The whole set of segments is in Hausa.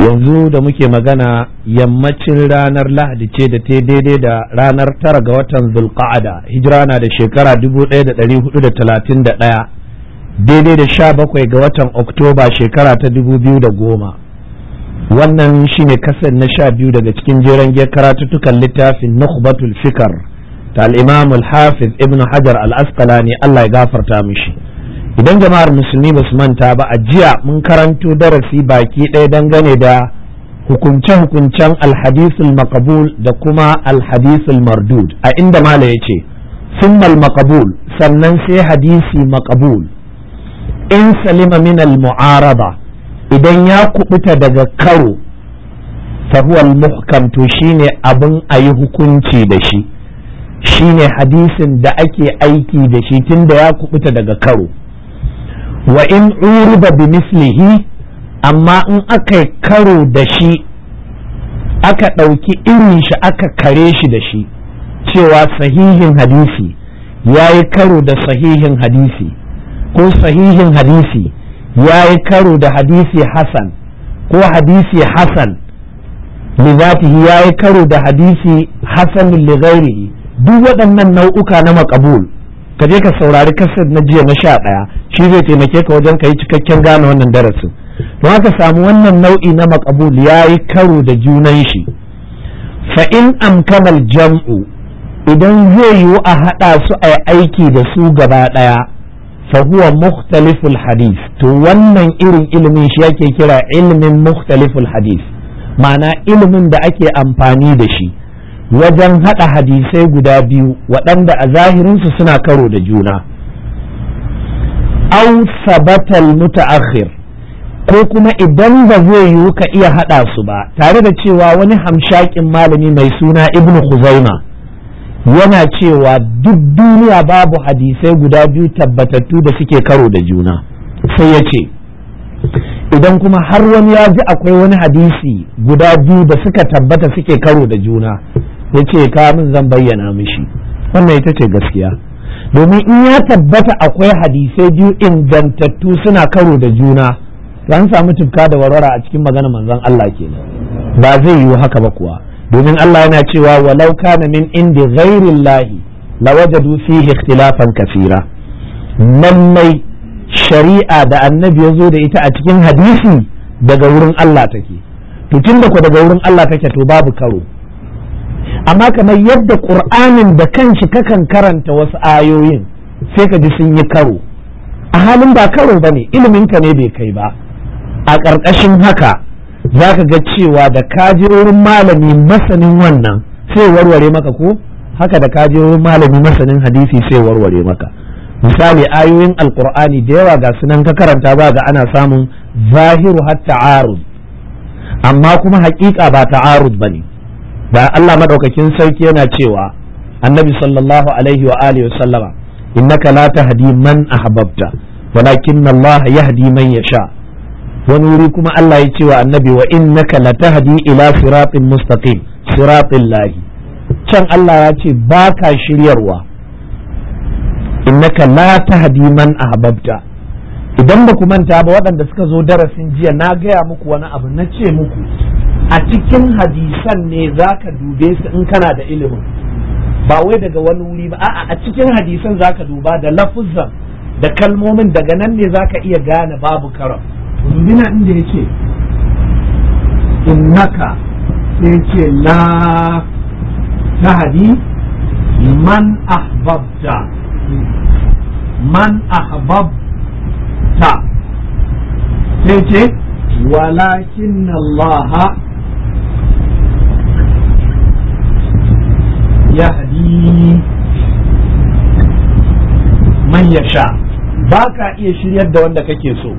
yanzu da muke magana yammacin ranar lahadi ce da ta daidai da ranar tara ga watan zulqa'ada hijira na da shekara da da da talatin 1431 daidai da sha bakwai ga watan oktoba shekara ta da goma. wannan shine kasar na sha biyu daga cikin jeren karatuttukan littafin nukhbatul fikar ta al imamul hafiz ibn hajar al-asqalani Allah ya gafarta mishi idan jama'ar musulmi ba su manta ba a jiya mun karanto darasi baki ɗaya dangane da hukunce-hukuncen alhadisul makabul da kuma alhadisul mardud a inda mala ya ce summal makabul sannan sai hadisi makabul in salima min mu'araba idan ya kubuta daga karo fahuwal muhkam to shine abin a yi hukunci da shi shine hadisin da ake aiki da shi tun da ya kubuta daga karo wa in uruba bi mislihi amma in aka karo da shi aka ɗauki irin shi aka kare shi da shi cewa sahihin hadisi ya yi karo da sahihin hadisi ko sahihin hadisi ya yi karo da hadisi hasan ko hadisi hasan lizatihi ya yi karo da hadisi hasan lighairihi duk waɗannan nau'uka na makabul kaje ka saurari kasar na jiya na sha ɗaya shi zai taimake ka wajen ka yi cikakken gane wannan darasin don haka samu wannan nau'i na makabul ya yi karo da junan shi fa in amkanal jam'u idan zai yiwu a haɗa su a aiki da su gaba ɗaya fa huwa mukhtaliful hadith to wannan irin ilimin shi yake kira ilimin mukhtaliful hadith ma'ana ilimin da ake amfani da shi wajen haɗa hadisai guda biyu waɗanda a zahirinsu suna karo da juna aw sabata mutaakhir ko kuma idan ba zai yiwu ka iya hada su ba tare da cewa wani hamshakin malami mai suna ibnu khuzaima yana cewa duk duniya babu hadisai guda biyu tabbatattu da suke karo da juna sai ya ce idan kuma har wani ya ji akwai wani hadisi guda biyu da suka tabbata suke karo da juna ya ce ka min zan bayyana mishi wannan ita ce gaskiya domin in ya tabbata akwai hadisai biyu ingantattu suna karo da juna an samu tufka da warwara a cikin magana manzon Allah kenan ba zai yiwu haka ba kuwa domin Allah yana cewa walau kana min indi ghairillahi lawajadu fihi ikhtilafan kaseera mai shari'a da annabi ya zo da ita a cikin hadisi daga wurin Allah take to tun ko daga wurin Allah take to babu karo amma kamar yadda ƙur'anin da kanshi kakan karanta wasu ayoyin sai ka ji sun yi karo a halin ba karo ba ne iliminka ne bai kai ba a ƙarƙashin haka za ka ga cewa da ka je malami masanin wannan sai warware maka ko haka da ka je wurin malami masanin hadisi sai warware maka misali ayoyin alƙur'ani da yawa ga sunan ka karanta ba ga ana samun zahiru har ta'arud amma kuma haƙiƙa ba ta'arud ba ne da Allah madaukakin sarki yana cewa annabi sallallahu alaihi wa alihi wa sallama innaka la tahdi man ahbabta walakin Allah yahdi man yasha wani wuri kuma Allah ya ce wa annabi wa innaka la tahdi ila siratin mustaqim siratin lahi can Allah ya ce baka shiryarwa innaka la tahdi man ahbabta idan ba ku manta ba waɗanda suka zo darasin jiya na gaya muku wani abu na ce muku a cikin hadisan ne za ka dube su in kana da ilimin ba wai daga wani wuri ba a'a a cikin hadisan za ka duba da lafuzan da kalmomin daga nan ne za ka iya gane babu karam dubina inda ya in naka. sai ce la hadi man ahbabta man ahbabta sai ce walakin Allah yahdi man yasha ba ka iya shiryar da wanda kake so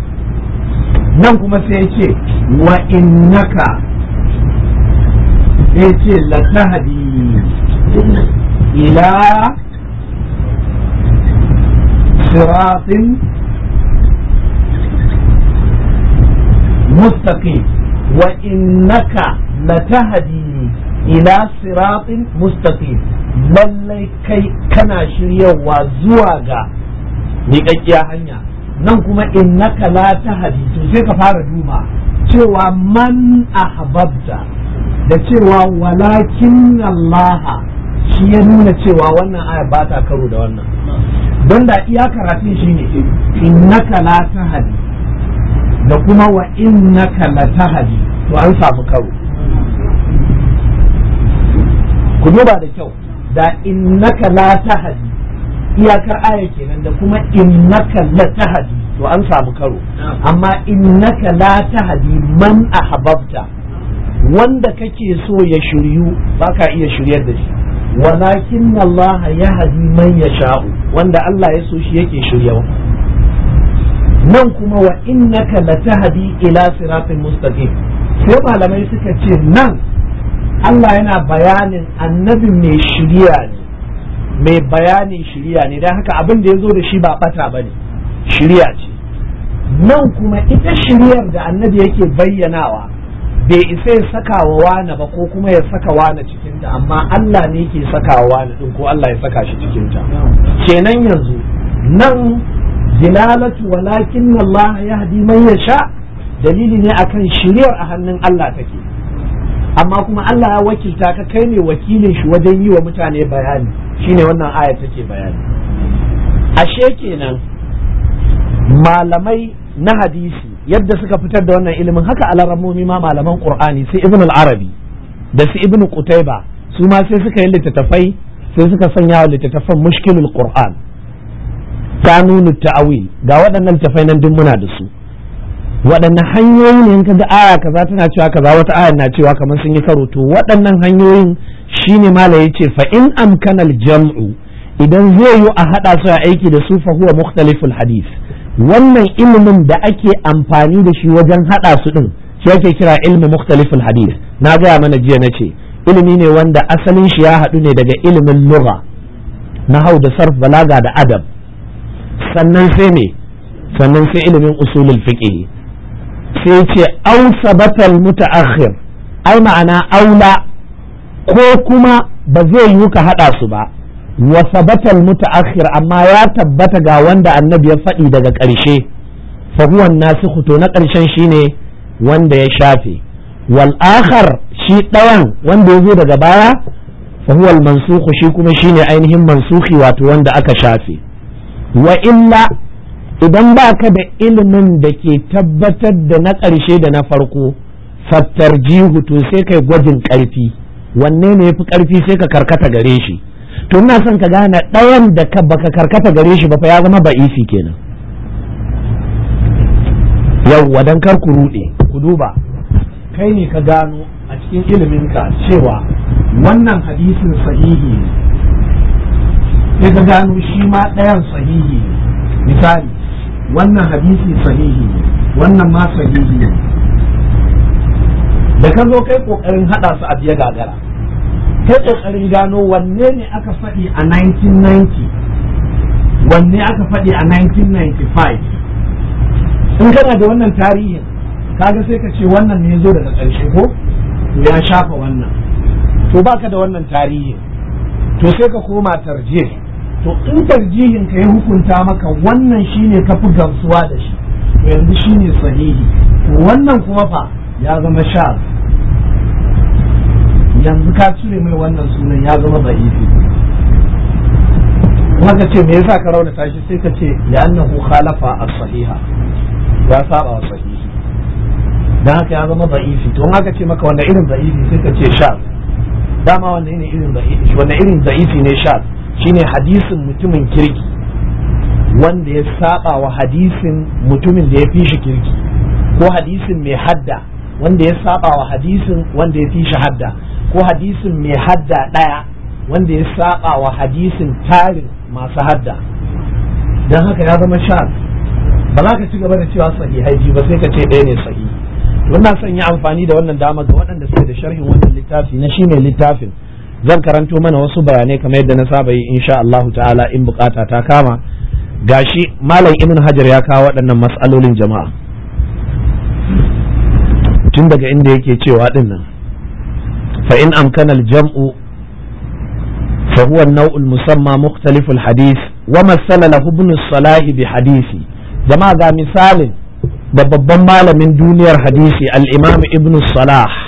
nan kuma sai ce wa innaka sai ce la tahdi ila siratin mustaqim wa innaka la tahdi ila siratin mustaqim lallai kai kana shiryawa zuwa ga miƙaƙƙiya hanya nan kuma innaka la tahdi to sai ka fara duba cewa man ahbabta da cewa walakin Allah shi ya nuna cewa wannan aya ba ta karo da wannan don da iya karatun shi ne innaka la tahdi da kuma wa innaka la tahdi to an samu karo ku duba da kyau da innaka la tahdi iyakar aya kenan da kuma innaka la tahdi to an samu karo amma innaka la tahdi man ahbabta wanda kake so ya shiryu baka iya shiryar da shi walakin Allah ya hadi man ya sha'u wanda Allah ya so shi yake shiryawa nan kuma wa innaka la tahdi ila siratin mustaqim sai malamai suka ce nan Allah yana bayanin annabin mai shirya ne mai bayanin shirya ne don haka abin da ya zo da shi ba bata ba ne shirya ce nan kuma ita shiryar da annabi yake bayyanawa bai isa ya saka wa wana ba ko kuma ya saka wana cikinta amma Allah ne ke saka wa wana din ko Allah ya saka shi cikinta kenan yanzu nan zilalatu walakin Allah ya hadi man yasha dalili ne akan shiryar a hannun Allah take amma kuma Allah ya wakilta ka kai ne wakilin shi wajen yi wa mutane bayani shine wannan aya take bayani ashe kenan malamai na hadisi yadda suka fitar da wannan ilimin haka alaramomi ma malaman qur'ani sai ibn al-arabi da su ibn qutayba su ma sai suka yi littattafai sai suka sanya wa littattafan mushkilul qur'an kanunut ta'wil ga waɗannan littattafai nan duk muna da su waɗanne hanyoyi ne in kaga aya kaza tana cewa kaza wata aya na cewa kamar sun yi karo to waɗannan hanyoyin shine mala yace fa in amkanal jam'u idan zai yi a haɗa su a aiki da su fa huwa hadis. hadith wannan ilimin da ake amfani da shi wajen haɗa su ɗin shi ake kira ilmi mukhtaliful hadith na gaya mana jiya na ce ilimi ne wanda asalin shi ya haɗu ne daga ilimin lugha na hau da sarf balaga da adab sannan sai ne sannan sai ilimin usulul fiqh sai ce au sabatal mutaakhir ai ma'ana aula ko kuma ba zai yi ka haɗa su ba wa sabatal mutaakhir amma ya tabbata ga wanda annabi ya faɗi daga ƙarshe fa huwa nasikhu to na ƙarshen shine wanda ya shafe wal akhar shi ɗayan wanda ya zo daga baya fa huwa al shi kuma shine ainihin mansuhi wato wanda aka shafe wa illa idan ba ka da ilimin da ke tabbatar da na ƙarshe da na farko fattar jihu to sai kai gwajin ƙarfi wanne ne fi ƙarfi sai ka karkata gare shi to ina son ka gane ɗayan da ka baka karkata gare shi ba fa ya zama ba'isi kenan yawwa dan kar ku ruɗe ku duba kai ne ka gano a cikin ilimin ka cewa wannan hadisin sahihi ne ka gano shi ma ɗayan sahihi ne misali wannan hadisi sahihi ne wannan ma sahihi ne da ka zo kai kokarin hada su a biya gagara kai kokarin gano wanne ne aka faɗi a 1990 wanne aka faɗi a 1995 in kana da wannan tarihin kaga sai ka ce wannan ne zo daga ƙarshe ko ya shafa wannan to baka da wannan tarihin to sai ka koma tarjih to in tarjihin ka ya hukunta maka wannan shine ka fi gamsuwa da shi to yanzu shine sahihi to wannan kuma fa ya zama sha yanzu ka cire mai wannan sunan ya zama da'ifi kuma ka ce me yasa ka raunata shi sai ka ce ya annahu khalafa as-sahiha ya saba sahihi dan haka ya zama da'ifi to in aka ce maka wanda irin da'ifi sai ka ce sha dama wanda irin irin da'ifi irin da'ifi ne sha shine hadisin mutumin kirki wanda ya saba wa hadisin mutumin da ya fi shi kirki ko hadisin mai hadda wanda ya saba wa hadisin wanda ya fi shi hadda ko hadisin mai hadda ɗaya wanda ya saba wa hadisin tarin masu hadda don haka ya zama sha ba za ka ci gaba da cewa sahi haifi ba sai ka ce ɗaya ne sahi wannan son yi amfani da wannan dama ga waɗanda suke da sharhin wannan littafi na shi shine littafin zan karanto mana wasu bayanai kamar yadda na saba yi insha Allahu ta'ala in bukata ta kama gashi malam ibn hajar ya kawo waɗannan matsalolin jama'a tun daga inda yake cewa dinnan fa in amkana al-jam'u fa huwa an-naw' al-musamma mukhtalif al-hadith wa masala lahu ibn salah bi hadisi jama'a ga misalin da babban malamin duniyar hadisi al-imam ibn salah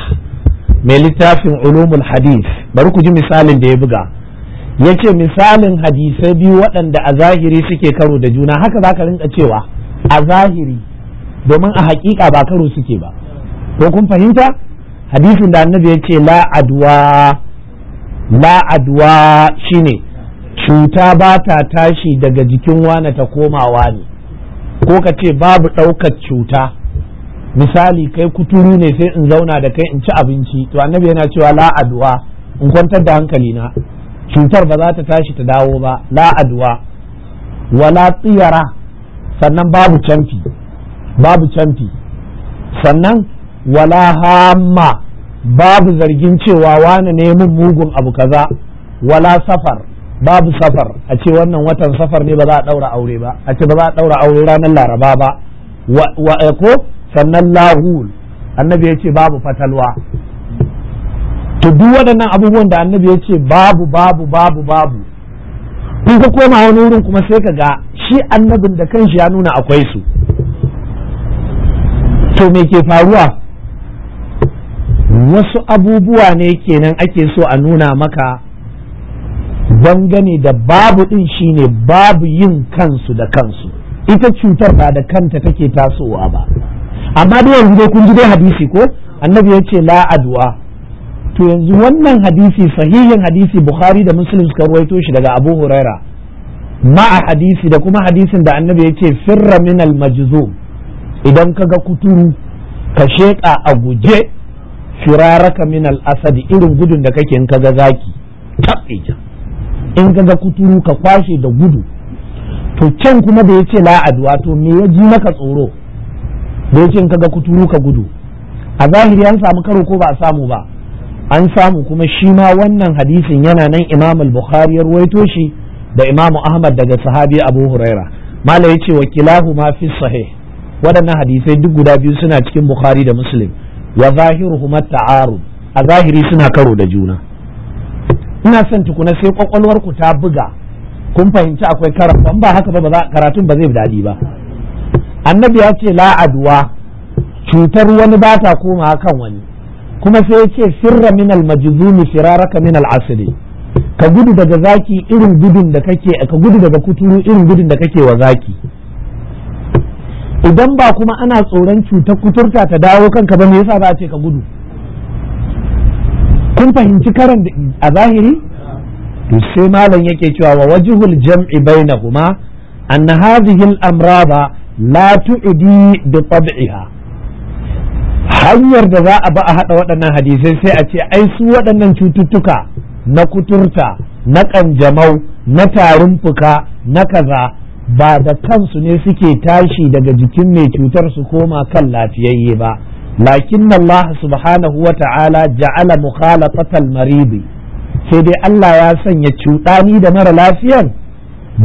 mai littafin ulumul hadis. bari ku ji misalin da ya buga ya ce misalin hadisai biyu waɗanda a zahiri suke karo da juna haka za ka rinka cewa a zahiri domin a hakika ba karo suke ba ko kun fahimta hadisin da annabi ya ce la adwa la shine cuta ba ta tashi daga jikin wane ta komawa wani ko ka ce babu ɗaukar cuta misali kai kuturu ne sai in zauna da kai in ci abinci to annabi yana cewa la adwa in kwantar da hankali na cutar ba za ta tashi ta dawo ba la adwa wala tsiyara sannan babu canfi babu canfi sannan wala hamma babu zargin cewa wani ne mun mugun abu kaza wala safar babu safar a ce wannan watan safar ne ba za a daura aure ba a ce ba za a daura aure ranar laraba ba eh, ko sannan lahul annabi ya ce babu fatalwa to duk waɗannan abubuwan da annabi ya ce babu babu babu babu in ka koma wani wurin kuma sai ka ga shi annabin da kanshi ya nuna akwai su to me ke faruwa wasu abubuwa ne kenan ake so a nuna maka gani da babu ɗin shine babu yin kansu da kansu ita cutar ba da kanta take tasowa ba amma dai yanzu dai kun ji dai hadisi ko annabi ya ce la adwa to yanzu wannan hadisi sahihin hadisi bukhari da muslim suka ruwaito shi daga abu huraira ma'a hadisi da kuma hadisin da annabi ya ce firra min al majzum idan kaga kuturu ka sheka a guje firaraka min al asadi irin gudun da kake in kaga zaki tabija in kaga kuturu ka kwashe da gudu to can kuma da ya ce la adwa to me ya ji maka tsoro da yake in kaga kuturu ka gudu a zahiri an samu karo ko ba a samu ba an samu kuma shi ma wannan hadisin yana nan imam al-bukhari ya ruwaito shi da imam ahmad daga sahabi abu huraira mala yace wa kilahu ma fi sahih wadannan hadisai duk guda biyu suna cikin bukhari da muslim wa zahiruhuma ta'arud a zahiri suna karo da juna ina son tukuna sai ku ta buga kun fahimci akwai karatun ba haka ba karatun ba zai daɗi ba annabi ya ce la cutar wani ba ta koma kan wani kuma sai ya ce sirra min almajzumi firaraka min al'asri ka gudu daga zaki irin gudun da kake ka gudu daga kuturu irin gudun da kake wa zaki idan ba kuma ana tsoron cutar kuturta ta dawo kanka ba me yasa za a ce ka gudu kun fahimci karan a zahiri to sai malam yake cewa wa wajhul jam'i bainahuma anna hadhihi al-amrada la tu'idi bi tab'iha hanyar da za a ba a hada waɗannan hadisai sai a ce ai su waɗannan cututtuka na kuturta na kanjamau na tarin fuka na kaza ba da kansu ne suke tashi daga jikin mai cutar su koma kan lafiyayye ba lakin Allah subhanahu wa ta'ala ja'ala mukhalafatal maridi sai dai Allah ya sanya cuɗani da mara lafiyan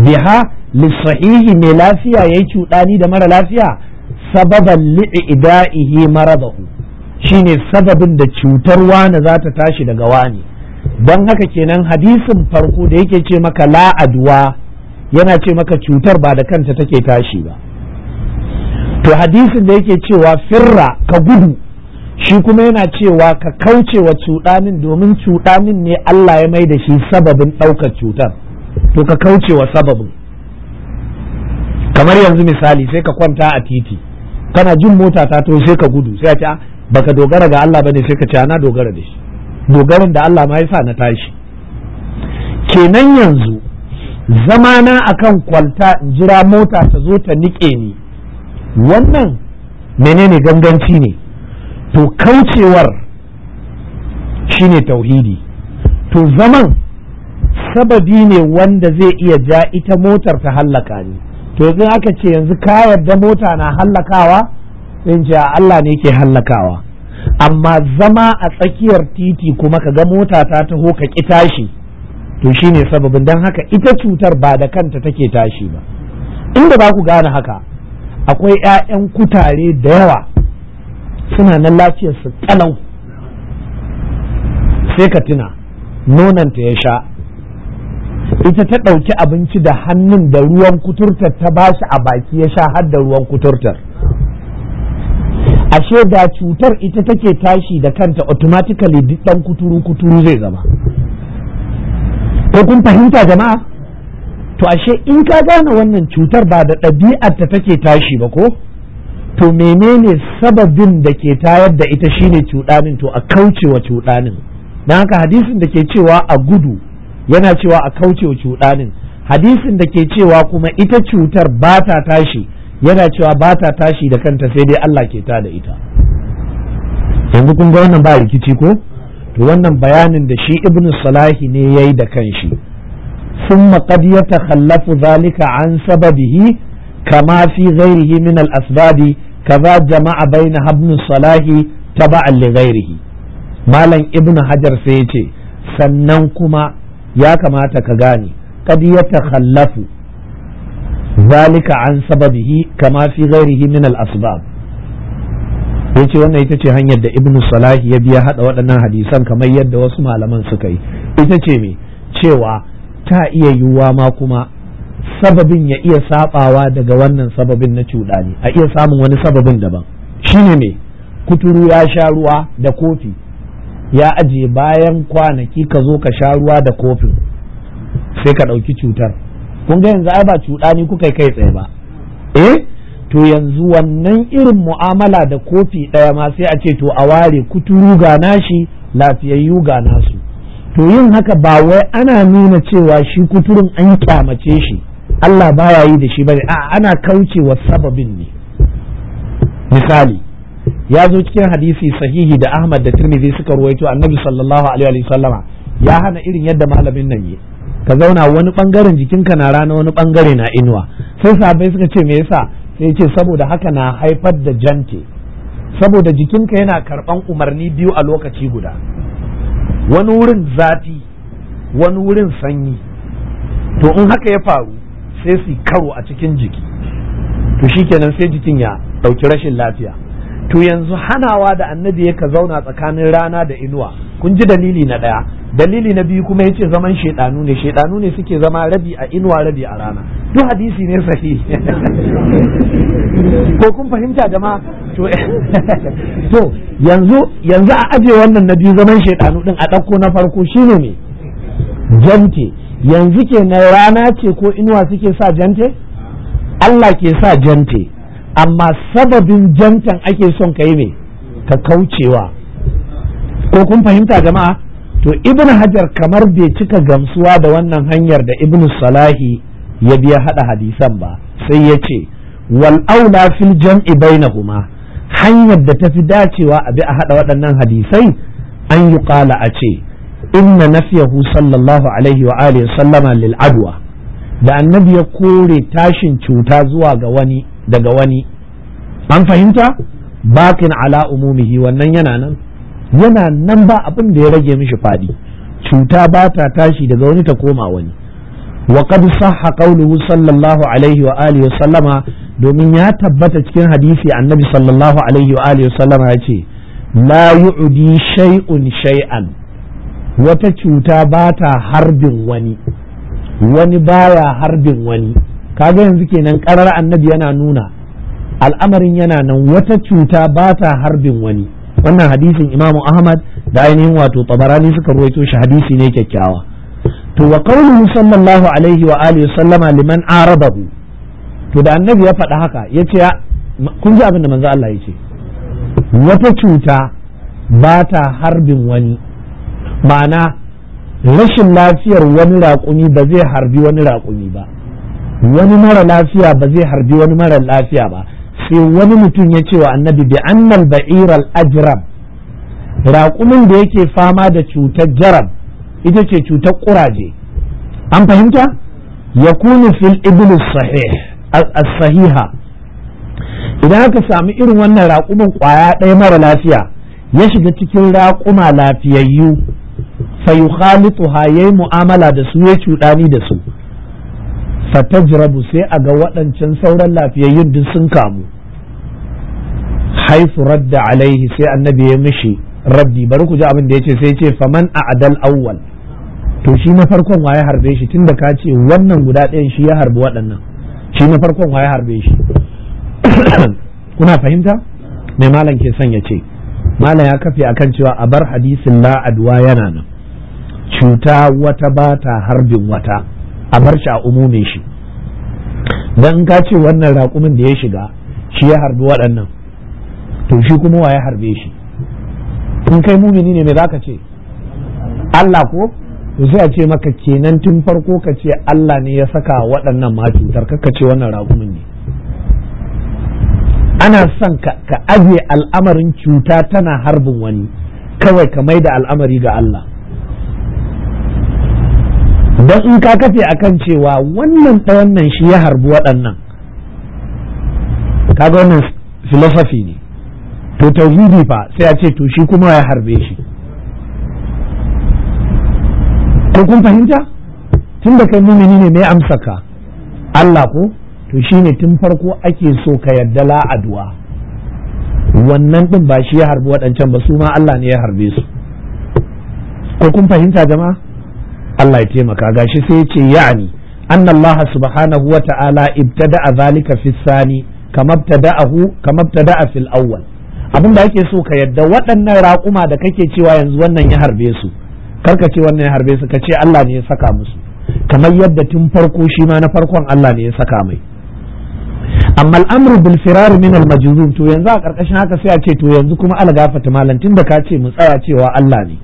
biha lisahihi mai lafiya ya yi cuɗani da mara lafiya sababan li'ida'ihi maradahu shine sababin da cutar wani za ta tashi daga wani don haka kenan hadisin farko da yake ce maka la'aduwa yana ce maka cutar ba da kanta take tashi ba to hadisin da yake cewa firra ka gudu shi kuma yana cewa ka kauce wa cuɗanin domin cuɗanin ne Allah ya mai da shi sababin ɗaukar cutar to ka kauce wa sababin kamar yanzu misali sai ka kwanta a titi kana jin mota ta to sai ka gudu sai a ce ah, baka dogara ga Allah bane sai ka ce ah, na dogara da shi dogaran da Allah ma yasa na tashi kenan yanzu zamana akan kwalta in jira mota ta zo ta nike ni wannan menene ganganci ne to kaucewar shine tauhidi to zaman sababi ne wanda zai iya ja ita motar ta hallaka ni to yanzu aka ce yanzu ka yarda mota na hallakawa in ce Allah ne ke hallakawa amma zama a tsakiyar titi kuma ka ga mota ta taho ka ki tashi to shine sababin don haka ita cutar ba da kanta take tashi ba inda ba ku gane haka akwai 'ya'yan kutare da yawa suna nan lafiyarsu kalau sai ka tuna nonanta ya sha ita ta ɗauki abinci da hannun da ruwan kuturtar ta ba shi a baki ya sha har da ruwan kuturtar ashe da cutar ita take tashi da kanta automatically duk ɗan kuturu kuturu zai zama ko kun fahimta jama'a to ashe in ka gane wannan cutar ba da ɗabi'ar ta take tashi ba ko to menene sababin da ke tayar da ita shine cuɗanin to a kaucewa cuɗanin don haka hadisin da ke cewa a gudu yana cewa a kauce cuɗanin hadisin da ke cewa kuma ita cutar ba ta tashi yana cewa ba ta tashi da kanta sai dai Allah ke ta da ita yanzu kun ga wannan ba rikici ko to wannan bayanin da shi ibnu salahi ne yayi da kanshi an sababihi kama fi ghairihi min al asbabi kaza jama'a الأسباب ibnu salahi بينها li ghairihi تبعا malam hajar sai ya yace sannan kuma ya kamata ka gane kad ya takhallafu zalika an sababihi kama fi ghairihi min al asbab yace wannan ita ce hanyar da ibnu salahi ya biya hada waɗannan hadisan kamar yadda wasu malaman suka yi ita ce me cewa ta iya yiwuwa ma kuma sababin ya iya sabawa daga wannan sababin na cuɗani a iya samun wani sababin daban shine me kuturu ya sha ruwa da kofi ya ajiye bayan kwanaki ka zo ka sha ruwa da kofin sai ka ɗauki cutar kun ga yanzu ai ba cuɗa ni kuka kai tsaye ba eh to yanzu wannan irin mu'amala da kofi ɗaya ma sai a ce to a ware kuturu ga nashi lafiyayyu ga nasu to yin haka ba wai ana nuna cewa shi kuturun an kyamace shi Allah baya yi da shi bane a'a ana kaucewa sababin ne misali ya zo cikin hadisi sahihi da Ahmad da Tirmidhi suka ruwaito Annabi sallallahu alaihi wa sallama ya hana irin yadda malamin nan yi ka zauna wani bangaren jikinka na rana wani bangare na inuwa sai sahabbai suka ce me yasa sai ce saboda haka na haifar da jante saboda jikinka yana karban umarni biyu a lokaci guda wani wurin zafi wani wurin sanyi to in haka ya faru sai su karo a cikin jiki to shikenan sai jikin ya dauki rashin lafiya to yanzu hanawa da annabi ya ka zauna tsakanin rana da inuwa kun ji dalili na ɗaya dalili na biyu kuma yace zaman shedanu ne shedanu ne suke zama rabi a inuwa rabi a rana duk hadisi ne sahihi ko kun fahimta jama'a to to yanzu yanzu a aje wannan na biyu zaman shedanu din a ɗauko na farko shine ne jante yanzu ke na rana ce ko inuwa suke sa jante Allah ke sa jante amma sababin jantan ake son ka yi ne ka kaucewa ko kun fahimta jama'a to ibn hajar kamar bai cika gamsuwa da wannan hanyar da ibn salahi ya biya hada hadisan ba sai ya ce wal aula fil jam'i bainahuma hanyar da tafi dacewa a bi a hada waɗannan hadisai an yi kala a ce inna nafiyahu sallallahu alaihi wa alihi sallama lil adwa da annabi ya kore tashin cuta zuwa ga wani daga wani an fahimta bakin ala umumihi wannan yana nan yana nan ba abin da ya rage mishi fadi cuta ba ta tashi daga wani ta koma wani wa qad sahha qawluhu sallallahu alaihi wa alihi sallama domin ya tabbata cikin hadisi annabi sallallahu alaihi wa alihi sallama ya ce la yu'di shay'un shay'an wata cuta ba ta harbin wani wani baya harbin wani Ka ga yanzu kenan karar annabi yana nuna al'amarin yana nan wata cuta ba ta harbin wani wannan hadisin imamu ahmad da ainihin wato tabarani suka ruwaito shi hadisi ne kyakkyawa to wa qawluhu sallallahu alaihi wa alihi sallama liman arabahu to da annabi ya faɗa haka yace kun ji abin da manzo Allah yace wata cuta ba ta harbin wani ma'ana rashin lafiyar wani raƙumi ba zai harbi wani raƙumi ba wani mara lafiya ba zai harbi wani mara lafiya ba sai wani mutum ya ce wa annabi bi annal ba'iral ajram raƙumin da yake fama da cutar jarab ita ce cutar ƙuraje an fahimta ya yakunu fil iblis sahih as-sahiha idan aka samu irin wannan raƙumin kwaya ɗaya mara lafiya ya shiga cikin raƙuma lafiyayyu fa yukhalituha yayi mu'amala da su ya cuɗani da su fatajrabu sai a ga waɗancan sauran lafiyayyun duk sun kamu haifu radda alaihi sai annabi ya mishi raddi bari ku ji abin da ya ce sai ce faman a adal awwal to shi na farkon waye harbe shi tunda ka ce wannan guda ɗayan shi ya harbi waɗannan shi na farkon waye harbe shi kuna fahimta mai malam ke son ya ce malam ya kafe akan cewa a bar hadisin la'adwa yana nan cuta wata ba ta harbin wata a bar shi a umume shi dan ka ce wannan raƙumin da ya shiga shi ya harbi waɗannan to shi kuma wa ya harbe shi in kai mumini ne me zaka ce Allah ko to sai a ce maka kenan tun farko ka ce Allah ne ya saka waɗannan ma cutar ka ce wannan raƙumin ne ana son ka ajiye al'amarin cuta tana harbin wani kawai ka mai da al'amari ga Allah don in ka kafe a kan cewa wannan ɗayan wannan shi ya harbi waɗannan kaga wannan filosofi ne to tauhidi fa sai a ce to shi kuma ya harbe shi ko kun fahimta tun da kai mumini ne mai amsa ka Allah ko to shine tun farko ake so ka yarda la'aduwa wannan ɗin ba shi ya harbi waɗancan ba su ma Allah ne ya harbe su ko kun fahimta jama'a Allah ya taimaka gashi sai ya ce ya'ani anna Allah subhanahu wa ta'ala ibtada'a zalika fi sani kama ibtada'ahu kama fil awwal abin da ake so ka yadda waɗannan raƙuma da kake cewa yanzu wannan ya harbe su karka ce wannan ya harbe su ka ce Allah ne ya saka musu kamar yadda tun farko shi ma na farkon Allah ne ya saka mai amma al'amru bil firar min al majzum to yanzu a karkashin haka sai a ce to yanzu kuma algafata malam da ka ce mu tsaya cewa Allah ne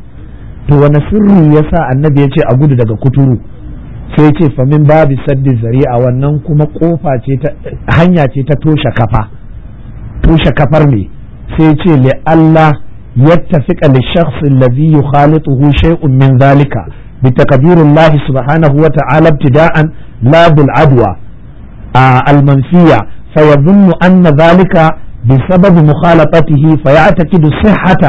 to wani sirri yasa annabi ya ce a gudu daga kuturu sai ce famin babu saddi zari'a wannan kuma kofa ce ta hanya ce ta toshe kafa toshe kafar ne sai ce li Allah yattafiqa li shakhs alladhi yukhalituhu shay'un min zalika bi takbirillahi subhanahu wa ta'ala ibtida'an la bil adwa al-manfiya fa yadhunnu anna zalika بسبب مخالطته فيعتقد صحة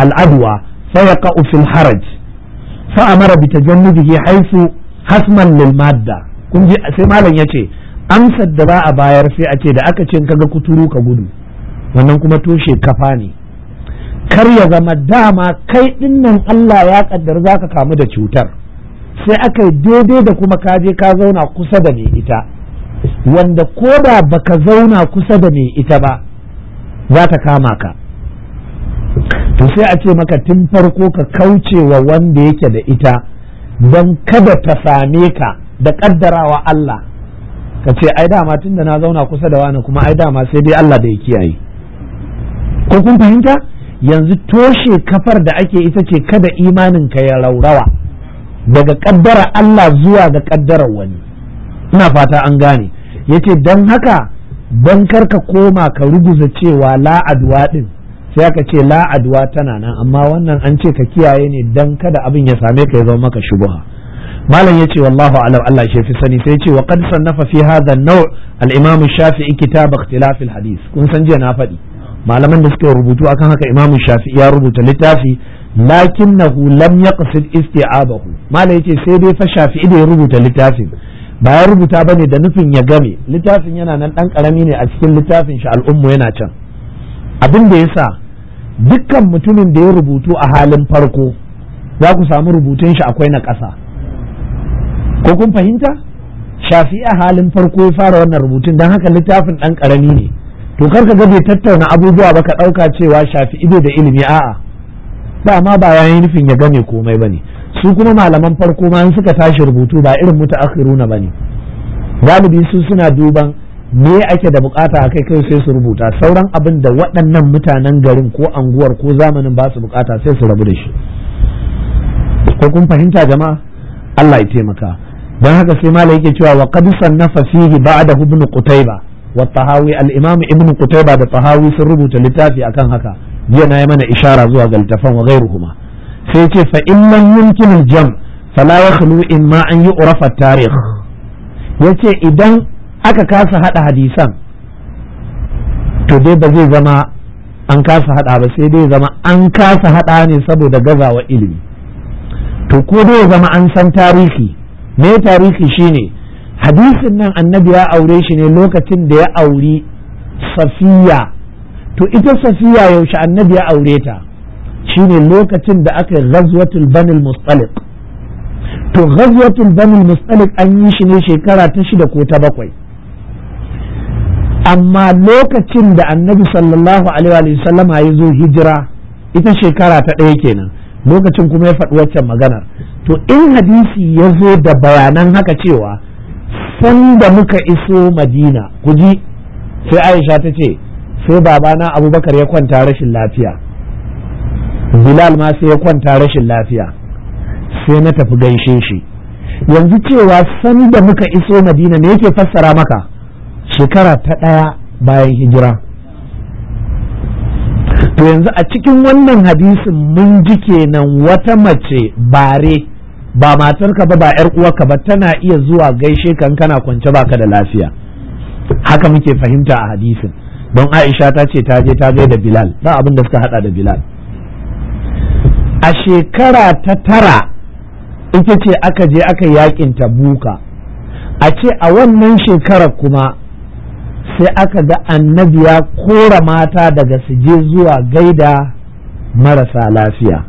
العدوى فيقع في الحرج فأمر بتجنبه Hasman Lil Madda kun ji sai malam ya ce amsar da za a bayar sai a ce da aka ce kaga kuturu ka gudu wannan kuma toshe kafa ne kar ya zama dama kai dinnan Allah ya kaddar za ka kamu da cutar sai aka yi daidai da kuma ka je ka zauna kusa da mai ita wanda ko da baka zauna kusa da me ita ba za ta kama ka to sai a ce maka tun farko ka kauce wa wanda yake da ita don kada ta same ka da kaddarawa Allah ka ce ai dama tun da na zauna kusa da wani kuma ai dama sai dai Allah da ya kiyaye ko kun fahimta yanzu toshe kafar da ake ita ce kada imanin ka ya raurawa daga kaddara Allah zuwa ga kaddarar wani ina fata an gane yace dan haka dan karka koma ka ruguza cewa la'adwa din sai aka ce la tana nan amma wannan an ce ka kiyaye ne dan kada abin ya same ka ya zama maka shubuha malam yace wallahu alam Allah shi fi sani sai yace wa qad sannafa fi hadha an-naw' al-imam shafi'i kitab ikhtilaf al-hadith kun san jiya na faɗi malaman da suka rubutu akan haka imam shafi'i ya rubuta littafi lakinnahu lam yaqsid isti'abahu malam yace sai dai fa shafi'i da ya rubuta littafin ba ya rubuta bane da nufin ya game littafin yana nan dan karami ne a cikin littafin shi al'ummu yana can abin da yasa dukkan mutumin da ya rubutu a halin farko za ku samu rubutun shi akwai na ƙasa ko kun fahimta shafi a halin farko ya fara wannan rubutun don haka littafin ɗan ƙarami ne to kar ka ga bai tattauna abubuwa ba ka ɗauka cewa shafi ido da ilimi a'a ba ma ba yayin nufin ya gane komai bane su kuma malaman farko ma in suka tashi rubutu ba irin mutu ba bane galibi su suna duban me ake da bukata a kai kai sai su rubuta sauran abin da waɗannan mutanen garin ko anguwar ko zamanin ba su bukata sai su rabu da shi ko kun fahimta jama'a Allah ya taimaka dan haka sai malai yake cewa wa qad sannafa Fasihi ba'da ibn qutayba wa tahawi al-imam ibn qutayba da tahawi sun rubuta littafi akan haka jiya na yi mana ishara zuwa ga littafan wa ghairuhuma sai ce fa in lam yumkin al-jam fala yakhlu ma an yu'rafa at-tarikh yace idan aka kasa hada hadisan to dai ba zai zama an kasa hada ba sai dai zama an kasa hada ne saboda gazawa ilimi to ko dai zama an san tarihi me tarihi shine hadisin nan annabi ya aure shi ne lokacin da ya auri safiya to ita safiya yaushe annabi ya aure ta shine lokacin da aka yi ghazwatul banil mustaliq to ghazwatul banil mustalik an yi shi ne shekara ta shida ko ta bakwai amma lokacin da annabi sallallahu alaihi wa sallama ya zo hijira ita shekara ta ɗaya kenan lokacin kuma ya faɗi waccan magana to in hadisi ya zo da bayanan haka cewa sanda muka iso madina ku ji sai aisha ta ce sai babana abubakar ya kwanta rashin lafiya bilal ma sai ya kwanta rashin lafiya sai na tafi gaishe shi yanzu cewa sanda muka iso madina ne yake fassara maka shekara ta ɗaya bayan hijira to yanzu a cikin wannan hadisin mun ji kenan wata mace bare ba matarka ba ba yar uwarka ba tana iya zuwa gaishe kan kana kwance baka da lafiya haka muke fahimta a hadisin don Aisha ta ce ta je ta da Bilal ba abin da suka hada da Bilal a shekara ta tara ita ce aka je aka yakin tabuka a ce a wannan shekarar kuma sai aka ga annabi ya kora mata daga su je zuwa gaida marasa lafiya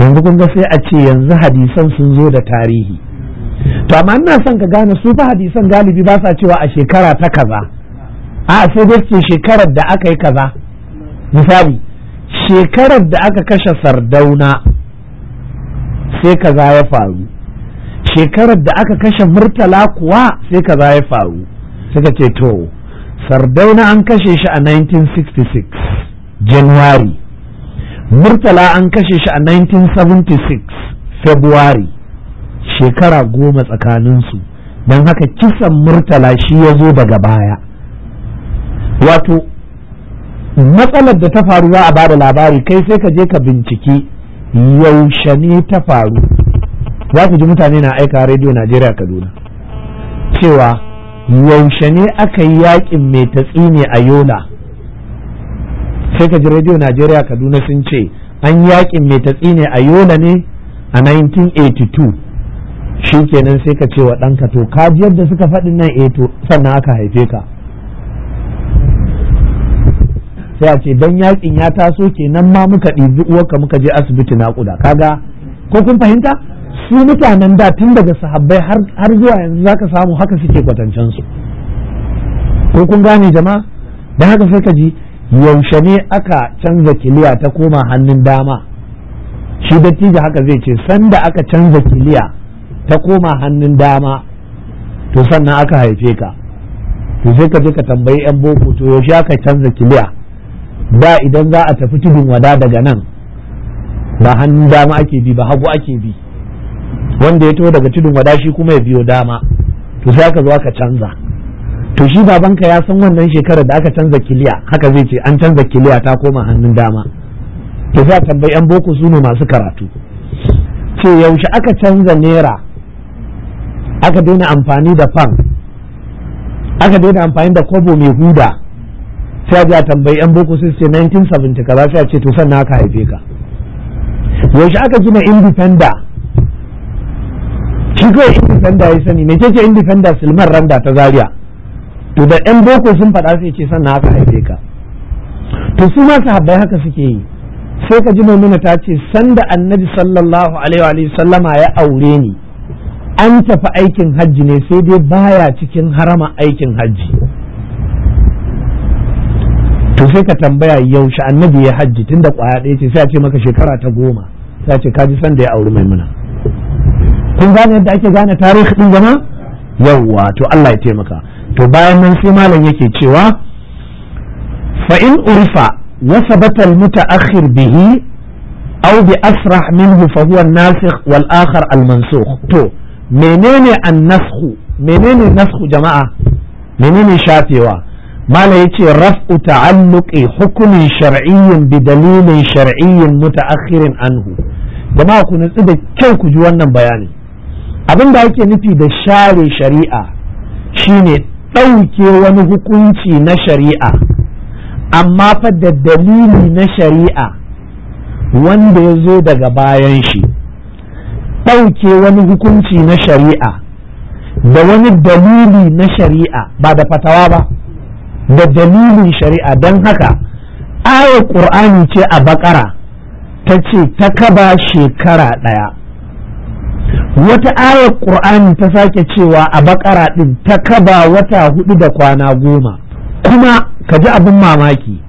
yanzu kun ga sai a ce yanzu hadisan sun zo da tarihi to amma ina son ka gane su fa hadisan galibi ba sa cewa a shekara ta kaza a sai dai ce shekarar da aka yi kaza misali shekarar da aka kashe sardauna sai kaza ya faru shekarar da aka kashe murtala kuwa sai kaza ya faru suka ce to sardauna an kashe shi a 1966 january murtala an kashe shi a 1976 february shekara goma tsakanin su don haka kisan murtala shi ya zo daga baya wato matsalar da ta faru za a ba da labari kai sai ka je ka bincike yaushe ne ta faru za ku ji mutane na aika rediyo najeriya kaduna cewa yaushe ne aka yi yakin mai ta tsine a yola sai ka ji radio najeriya kaduna sun ce an yakin mai ta tsine a yola ne a 1982 shi kenan sai ka ce wa ɗanka to kaji ji yadda suka faɗi nan eto eh sannan aka haife ka sai a ce don yakin ya taso kenan ma muka ɗibi uwarka muka je asibiti na naƙuda kaga ko kun fahimta su mutanen da tun daga sahabbai har zuwa yanzu za ka samu haka suke kwatancen su ko kun gane jama'a da haka sai ka ji yaushe ne aka canza kiliya ta koma hannun dama shi dattijo haka zai ce sanda aka canza kiliya ta koma hannun dama to sannan aka haife ka to sai ka je ka tambayi yan boko to yaushe aka canza kiliya da idan za a tafi tudun wada daga nan ba hannun dama ake bi ba hagu ake bi wanda ya taho daga tudun wada shi kuma ya biyo dama to sai aka zo aka canza to shi babanka ya san wannan shekarar da aka canza kiliya haka zai ce an canza kiliya ta koma hannun dama to sai tambayi yan boko su ne masu karatu ce yaushe aka canza naira aka daina amfani da fan aka daina amfani da kobo mai huda sai a tambayi yan boko sai ce 1970 kaza sai a ce to sannan aka haife ka yaushe aka gina indifenda shi kawai indifenda ya sani mece ce indifenda silman randa ta Zariya to da yan boko sun faɗa sai ce sannan haka haife ka to su ma sahabbai haka suke yi sai ka ji maimuna ta ce sanda annabi sallallahu alaihi wa sallama ya aure ni an tafi aikin hajji ne sai dai baya cikin harama aikin hajji to sai ka tambaya yaushe annabi ya hajji tunda kwaya ɗaya ce sai a ce maka shekara ta goma sai a ce kaji sanda ya auri maimuna kun gane yadda ake gane tarih din zama yawwa to Allah ya taimaka to bayan nan sai malam yake cewa fa in urfa wa sabata al mutaakhir bihi aw bi asrah minhu fa huwa nasikh wal akhar al mansukh to menene an-nasakh menene nasakh jama'a menene shafewa malam yace raf'u ta'alluqi hukmin shar'iyyin bi dalilin shar'iyyin mutaakhirin anhu jama'a ku nutsu da kyau ku ji wannan bayanin abin da ake nufi da share shari'a shine ɗauke wani hukunci na shari'a amma fa da dalili na shari'a wanda ya zo daga bayan shi ɗauke wani hukunci na shari'a da wani dalili na shari'a ba da fatawa ba da dalilin shari'a don haka ayar ƙur'ani ce a bakara ta ce ta kaba shekara ɗaya wata ayar ƙur'ani ta sake cewa a bakara ɗin ta kaba wata hudu da kwana goma kuma ka ji abin mamaki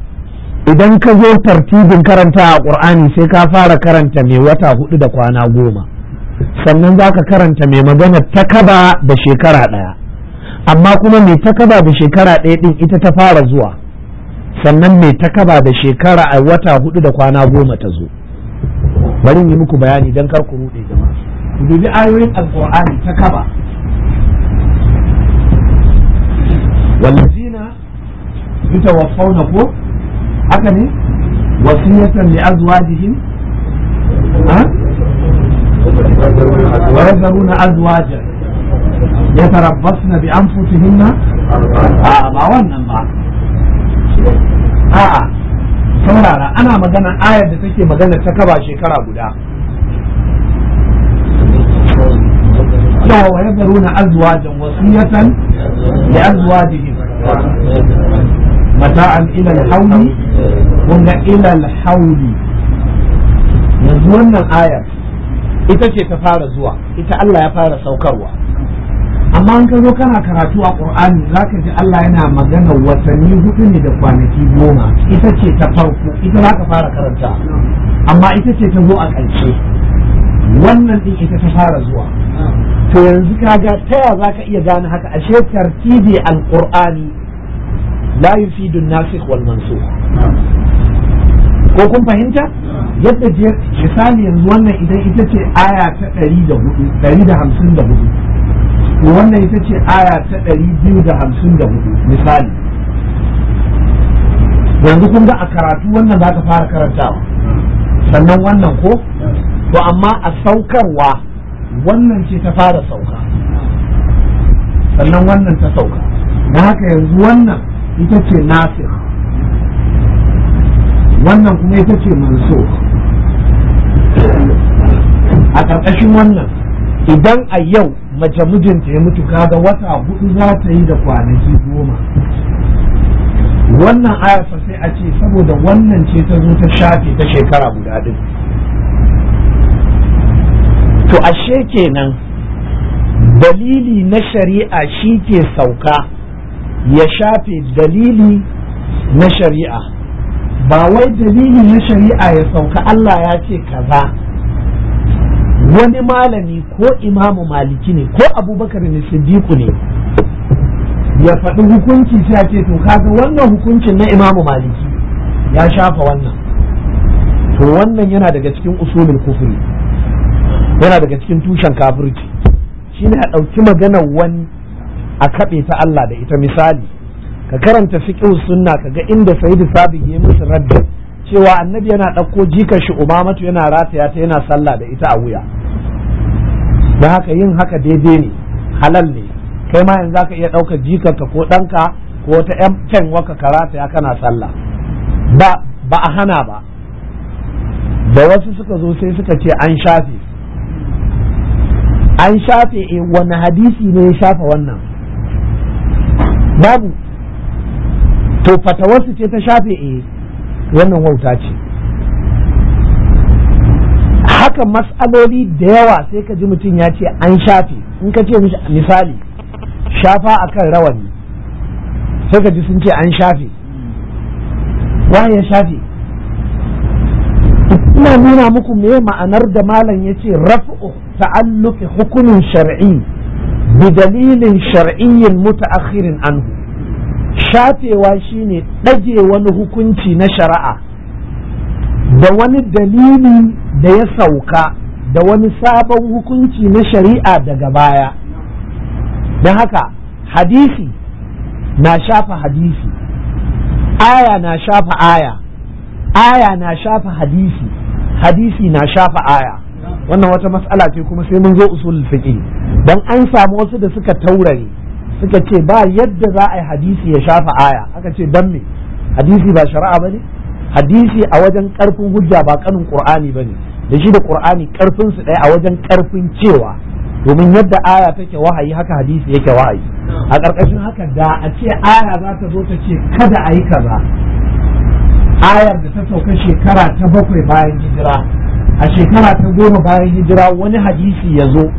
idan ka zo tartibin karanta a ƙur'ani sai ka fara karanta mai wata hudu da kwana goma sannan za ka karanta mai magana ta kaba da shekara ɗaya amma kuma mai ta kaba da shekara ɗaya ɗin ita ta fara zuwa sannan mai ta kaba da shekara a wata hudu da kwana goma ta zo bari yi muku bayani don kar ku ruɗe ku dubi ayoyin alqur'ani ta kaba wallazina yatawaffawna ko haka ne wasiyatan li azwajihim ha ويذرون أزواجا يتربصن بأنفسهن آه ba wannan ba. A'a. saurara ana magana ayar da take magana ta kaba shekara guda wasiya wa yadruna azwajan wasiyatan li azwajihim mata'an ila al-hawli kunga ila al-hawli yanzu wannan ayar ita ce ta fara zuwa ita Allah ya fara saukarwa amma an ka zo kana karatu a ƙur'ani za ka ji Allah yana magana watanni hudu ne da kwanaki goma ita ce ta farko ita za ka fara karanta amma ita ce ta zo a ƙarshe wannan din ita ta fara zuwa to yanzu kaga taya ya zaka iya gane haka ashe tartibi alqur'ani la yufidu nasikh wal mansukh ko kun fahimta yadda je misali yanzu wannan idan ita ce aya ta 154 to wannan ita ce aya ta 254 misali yanzu kun ga a karatu wannan za ka fara karantawa sannan wannan ko to amma a saukarwa wannan ce ta fara sauka sannan wannan ta sauka da haka yanzu wannan ita ce nasir wannan kuma ita ce manso a ƙarƙashin wannan idan a yau mace mijinta ya mutu kaga wata hudu za ta yi da kwanaki goma wannan ayafa sai a ce saboda wannan ce ta zo ta shafe ta shekara guda duk to ashe kenan dalili na shari'a shi ke sauka ya shafe dalili na shari'a ba wai dalili na shari'a ya sauka Allah ya ce kaza wani malami ko imamu maliki ne ko abubakar ne siddiqu ne ya faɗi hukunci sai ce to kaga wannan hukuncin na imamu maliki ya shafa wannan to wannan yana daga cikin usulin kufuri. yana daga cikin tushen kafirci ne a ɗauki maganar wani a kaɓe ta Allah da ita misali ka karanta fiƙin sunna ka ga inda sayyidu sabi ya musu rabbi cewa annabi yana ɗauko jikar shi umamatu yana rataya ta yana sallah da ita a wuya da haka yin haka daidai ne halal ne kai ma yanzu zaka iya ɗaukar ka ko ɗanka ko wata ƴan can waka ka rataya kana sallah ba a hana ba da wasu suka zo sai suka ce an shafe an shafe eh, wani hadisi ne ya shafa wannan babu to fatawarsu ce ta shafe e wannan wauta ce haka mas'aloli da yawa sai ka ji mutum ya ce an shafe in ka ce misali shafa akan rawani sai ka ji sun ce an shafe waye ya shafe ina nuna muku me ma'anar da malam ya ce raf'u Ta'alluke hukumin shar'i bi dalilin shar'iyyin mutaakhirin anhu shafewa shine ɗage wani hukunci na shari'a da wani dalili da ya sauka da wani sabon hukunci na shari'a daga baya don haka hadisi na shafa hadisi aya na shafa aya aya na shafa hadisi hadisi na shafa aya wannan wata mas'ala ce kuma sai mun zo usul fiqh dan an samu wasu da suka taurare suka ce ba yadda za a yi hadisi ya shafa aya aka ce dan me hadisi ba shari'a bane hadisi a wajen karfin hujja ba kanin qur'ani bane da shi da qur'ani karfin su ɗaya a wajen karfin cewa domin yadda aya take wahayi haka hadisi yake wahayi a ƙarƙashin haka da a ce aya za ta zo ta ce kada a yi kaza ayar da ta sauka shekara ta bakwai bayan hijira a shekara ta goma bayan hijira wani hadisi ya zo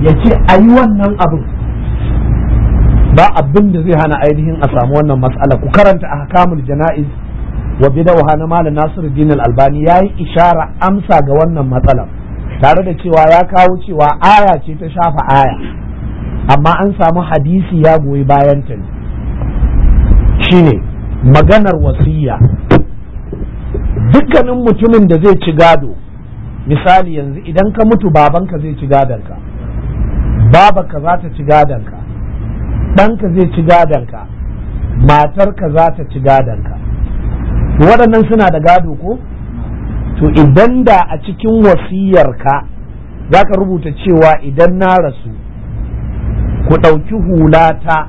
ya ce a yi wannan abin ba abin da zai hana ainihin a samu wannan matsala ku karanta a hakamul jana'iz wa bidawa na malam nasiru dinar albani ya yi ishara amsa ga wannan matsala. tare da cewa ya kawo cewa aya ce ta shafa aya amma an samu hadisi ya goyi bayan ta ne shine maganar wasiya dukkanin mutumin da zai ci gado misali yanzu idan ka mutu babanka zai ci gadonka babanka za ta ci gadonka ɗanka zai ci gadonka matarka za ta ci gadonka waɗannan suna da gado ko to idan da a cikin wasiyarka za ka rubuta cewa idan na rasu ku ɗauki hulata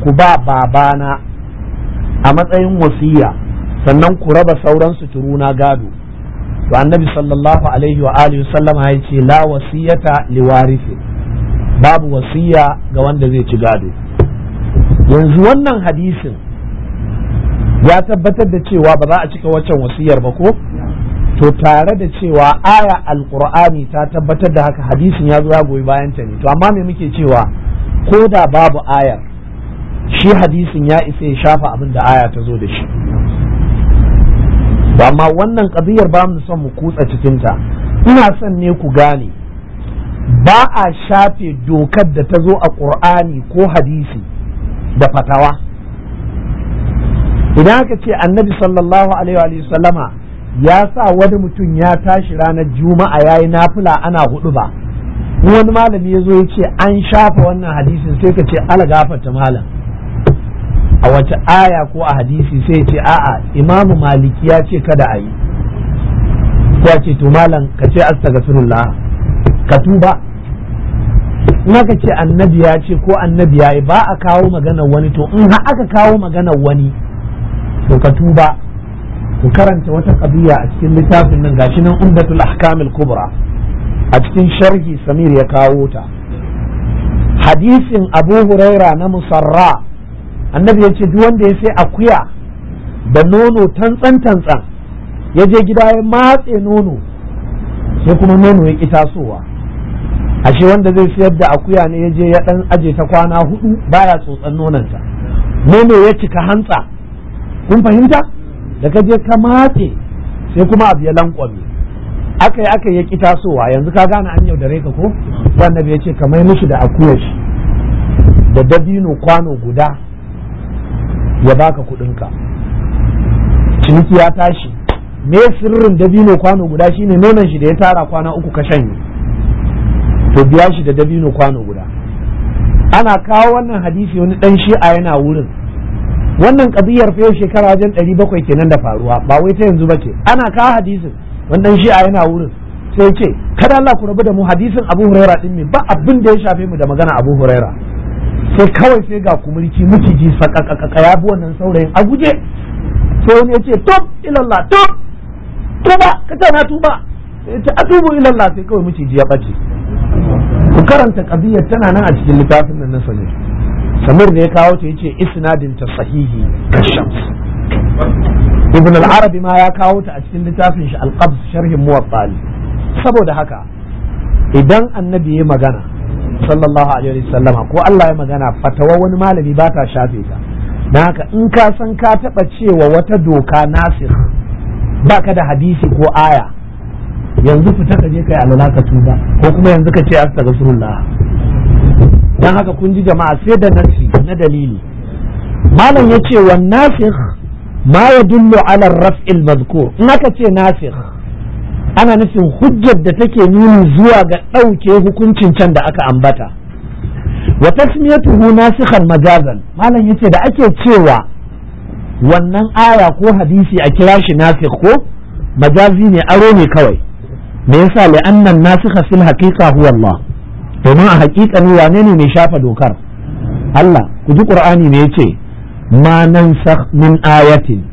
ku ba babana a matsayin wasiya sannan ku raba sauran na gado to annabi sallallahu alaihi wa alihi sallam ya ce la wasiyata liwarifi babu wasiya ga wanda zai ci gado yanzu wannan hadisin ya tabbatar da cewa ba za a cika waccan wasiyar ba ko to tare da cewa aya alqur'ani ta tabbatar da haka hadisin ya zo ya goyi bayan ta ne to amma me muke cewa ko da babu ayar shi hadisin ya isa ya shafa abin da aya ta zo da shi ba amma wannan ƙabiyar ba mu son mu kutsa cikinta ina son ne ku gane ba a shafe dokar da ta zo a ƙur'ani ko hadisi da fatawa idan aka ce annabi sallallahu alaihi wa sallama ya sa wani mutum ya tashi ranar juma'a ya yi nafila ana hudu ba wani malami ya zo ya ce an shafa wannan hadisin sai ka ce ala gafarta malam a wace aya ko a hadisi sai ce a'a imamu maliki ya ce kada a yi ya ce to malam ka ce astaghfirullah ka tuba na ka ce annabi ya ce ko annabi ya yi ba a kawo maganar wani to in ha aka kawo maganar wani to ka tuba ku karanta wata kabiya a cikin littafin nan gashi nan umdatul ahkamil kubra a cikin sharhi samir ya kawo ta hadisin abu huraira na musarra annabi ya ce duk wanda ya sai akuya da nono tantsan tantsan ya je gida ya matse nono sai kuma nono ya kitasowa. tasowa ashe wanda zai sayar da akuya ne ya je ya dan aje ta kwana hudu baya tsotsan ta nono ya cika hantsa kun fahimta da ka je ka matse sai kuma abu ya lankwame aka yi aka ya ƙi tasowa yanzu ka gane an yaudare ka ko wannan ya ce ka mai mishi da akuyar shi da dabino kwano guda ya baka ka ciniki ya tashi me sirrin dabino kwano guda shine nonon shi da ya tara kwana uku ka shanye to biya shi da dabino kwano guda ana kawo wannan hadisi wani dan shi'a yana wurin wannan kabiyar fa shekara wajen 700 kenan da faruwa ba wai ta yanzu bace ana kawo hadisin wani dan shi'a yana wurin sai ce kada Allah ku rabu da mu hadisin Abu Hurairah din ne ba abin da ya shafe mu da magana Abu Hurairah sai kawai sai ga kumurki maciji sakakakaka ya bi wannan saurayin a guje sai wani ya ce tub ilalla tub tuba ka ta na tuba ya ce tubu ilalla sai kawai maciji ya bace ku karanta qadiyar tana nan a cikin littafin nan na sani samir ne ya kawo ta yace isnadin ta sahihi kashams ibn al-arabi ma ya kawo ta a cikin littafin shi al-qabs sharhin muwaffali saboda haka idan annabi ya magana sallallahu alaihi sallama ko Allah ya magana fatawa wani malami ba ta shafe ta dan haka in ka san ka taba cewa wata doka nasikh baka da hadisi ko aya yanzu fita ka je kai alalaka tuba ko kuma yanzu ka ce astaghfirullah dan haka kun ji jama'a sai da nasi na dalili malam yace wan nasikh ma yadullu ala raf'il mazkur in aka ce nasikh ana nufin hujjar da take nuni zuwa ga ɗauke hukuncin can da aka ambata wa tasmiyatuhu nasikhan majazan malam yace da ake cewa wannan aya ko hadisi a kira shi nasikh ko majazi ne aro ne kawai me yasa li annan nasikha fil haqiqa huwa Allah domin a haƙiƙa ne wane ne mai shafa dokar Allah ku ji Qur'ani ne yace ma nansakh min ayatin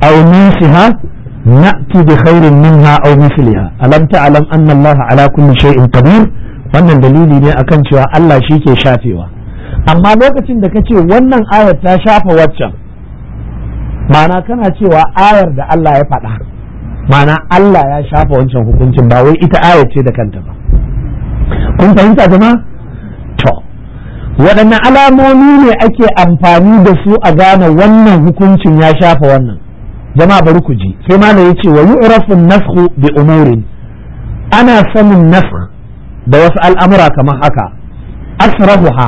aw siha na'ti bi khairin minha aw mithliha alam ta'lam anna Allah ala kulli shay'in wannan dalili ne akan cewa Allah shi ke shafewa amma lokacin da ka ce wannan ayar ta shafa waccan mana kana cewa ayar da Allah ya faɗa mana Allah ya shafa wancan hukuncin ba wai ita ayar ce da kanta ba kun fahimta jama'a to waɗanne alamomi ne ake amfani da su a gane wannan hukuncin ya shafa wannan Zama bari ku ji sai malam yace wa yu'rafu an bi umurin ana sanin nafkh da wasu al'amura kamar haka asrahuha